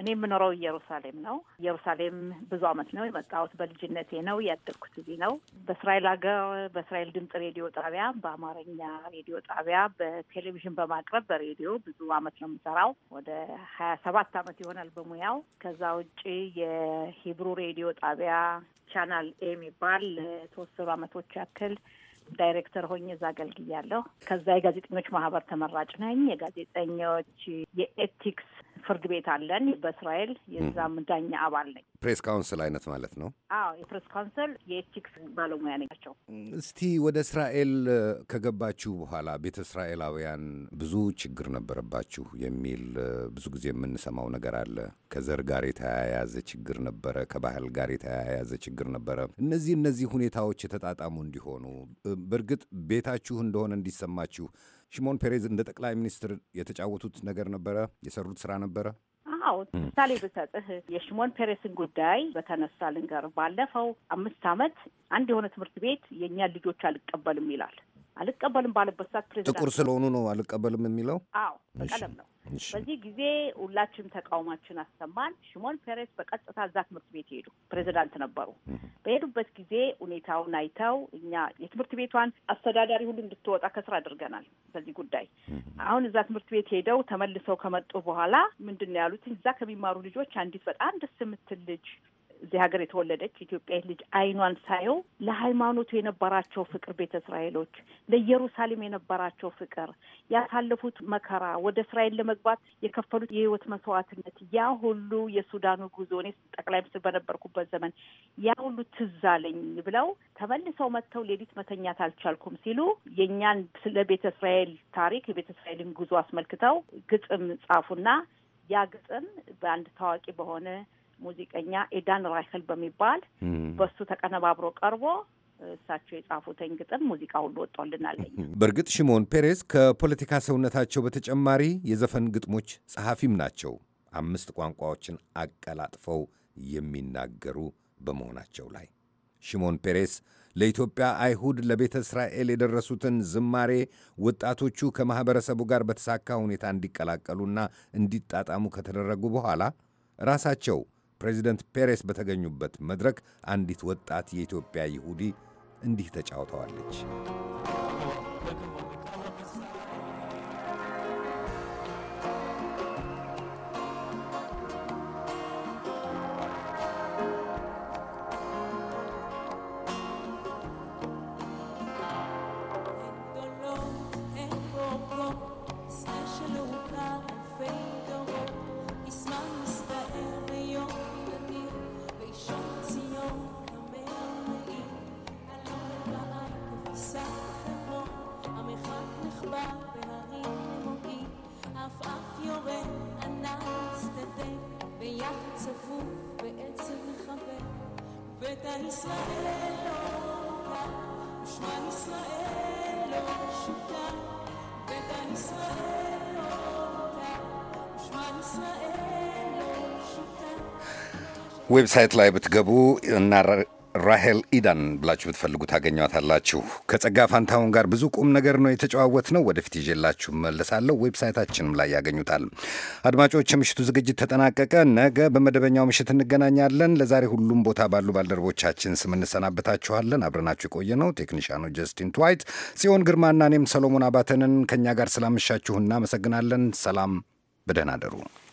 Speaker 14: እኔ የምኖረው ኢየሩሳሌም ነው። ኢየሩሳሌም ብዙ አመት ነው የመጣሁት። በልጅነቴ ነው ያደግኩት። እዚህ ነው በእስራኤል ሀገር በእስራኤል ድምጽ ሬዲዮ ጣቢያ፣ በአማርኛ ሬዲዮ ጣቢያ፣ በቴሌቪዥን በማቅረብ በሬዲዮ ብዙ አመት ነው የምሰራው። ወደ ሀያ ሰባት አመት ይሆናል በሙያው። ከዛ ውጭ የሂብሩ ሬዲዮ ጣቢያ ቻናል ኤ የሚባል ለተወሰኑ አመቶች ያክል ዳይሬክተር ሆኜ እዛ አገልግያለሁ። ከዛ የጋዜጠኞች ማህበር ተመራጭ ነኝ። የጋዜጠኞች የኤቲክስ ፍርድ ቤት አለን በእስራኤል የዛም ዳኛ አባል ነኝ።
Speaker 1: ፕሬስ ካውንስል አይነት ማለት ነው?
Speaker 14: አዎ የፕሬስ ካውንስል የኤቲክስ ባለሙያ ናቸው።
Speaker 1: እስቲ ወደ እስራኤል ከገባችሁ በኋላ ቤተ እስራኤላውያን ብዙ ችግር ነበረባችሁ የሚል ብዙ ጊዜ የምንሰማው ነገር አለ። ከዘር ጋር የተያያዘ ችግር ነበረ፣ ከባህል ጋር የተያያዘ ችግር ነበረ። እነዚህ እነዚህ ሁኔታዎች የተጣጣሙ እንዲሆኑ በእርግጥ ቤታችሁ እንደሆነ እንዲሰማችሁ ሽሞን ፔሬዝ እንደ ጠቅላይ ሚኒስትር የተጫወቱት ነገር ነበረ፣ የሰሩት ስራ ነበረ።
Speaker 14: አዎ ምሳሌ ብሰጥህ የሽሞን ፔሬስን ጉዳይ በተነሳ ልንገር። ባለፈው አምስት አመት አንድ የሆነ ትምህርት ቤት የእኛ ልጆች አልቀበልም ይላል። አልቀበልም ባለበት ሰዓት ፕሬዚዳንት ጥቁር ስለሆኑ
Speaker 1: ነው አልቀበልም የሚለው።
Speaker 14: አዎ በቀለም ነው በዚህ ጊዜ ሁላችንም ተቃውማችን አሰማን። ሽሞን ፔሬስ በቀጥታ እዛ ትምህርት ቤት ሄዱ። ፕሬዚዳንት ነበሩ። በሄዱበት ጊዜ ሁኔታውን አይተው እኛ የትምህርት ቤቷን አስተዳዳሪ ሁሉ እንድትወጣ ከስራ አድርገናል። በዚህ ጉዳይ አሁን እዛ ትምህርት ቤት ሄደው ተመልሰው ከመጡ በኋላ ምንድን ነው ያሉት? እዛ ከሚማሩ ልጆች አንዲት በጣም ደስ የምትል ልጅ እዚህ ሀገር የተወለደች ኢትዮጵያ ልጅ አይኗን ሳየው ለሃይማኖቱ የነበራቸው ፍቅር ቤተ እስራኤሎች ለኢየሩሳሌም የነበራቸው ፍቅር፣ ያሳለፉት መከራ፣ ወደ እስራኤል ለመግባት የከፈሉት የህይወት መስዋዕትነት፣ ያ ሁሉ የሱዳኑ ጉዞ እኔ ጠቅላይ ሚኒስትር በነበርኩበት ዘመን ያ ሁሉ ትዝ አለኝ ብለው ተመልሰው መጥተው ሌሊት መተኛት አልቻልኩም ሲሉ የእኛን ስለ ቤተ እስራኤል ታሪክ የቤተ እስራኤልን ጉዞ አስመልክተው ግጥም ጻፉና ያ ግጥም በአንድ ታዋቂ በሆነ ሙዚቀኛ ኤዳን ራይክል በሚባል በሱ ተቀነባብሮ ቀርቦ እሳቸው የጻፉትን ግጥም ሙዚቃ ሁሉ ወጥቶልናል።
Speaker 1: በእርግጥ ሽሞን ፔሬዝ ከፖለቲካ ሰውነታቸው በተጨማሪ የዘፈን ግጥሞች ጸሐፊም ናቸው። አምስት ቋንቋዎችን አቀላጥፈው የሚናገሩ በመሆናቸው ላይ ሽሞን ፔሬስ ለኢትዮጵያ አይሁድ ለቤተ እስራኤል የደረሱትን ዝማሬ ወጣቶቹ ከማኅበረሰቡ ጋር በተሳካ ሁኔታ እንዲቀላቀሉና እንዲጣጣሙ ከተደረጉ በኋላ ራሳቸው ፕሬዚደንት ፔሬስ በተገኙበት መድረክ አንዲት ወጣት የኢትዮጵያ ይሁዲ እንዲህ ተጫውተዋለች። ዌብሳይት ላይ ብትገቡ እና ራሄል ኢዳን ብላችሁ ብትፈልጉ ታገኟታላችሁ። ከጸጋ ፋንታውን ጋር ብዙ ቁም ነገር ነው የተጨዋወት ነው። ወደፊት ይዤላችሁ መለሳለሁ። ዌብሳይታችንም ላይ ያገኙታል። አድማጮች፣ የምሽቱ ዝግጅት ተጠናቀቀ። ነገ በመደበኛው ምሽት እንገናኛለን። ለዛሬ ሁሉም ቦታ ባሉ ባልደረቦቻችን ስም እንሰናበታችኋለን። አብረናችሁ የቆየ ነው ቴክኒሻኑ ጀስቲን ትዋይት፣ ጽዮን ግርማና እኔም ሰሎሞን አባተንን ከእኛ ጋር ስላመሻችሁ እናመሰግናለን። ሰላም፣ በደህና አደሩ።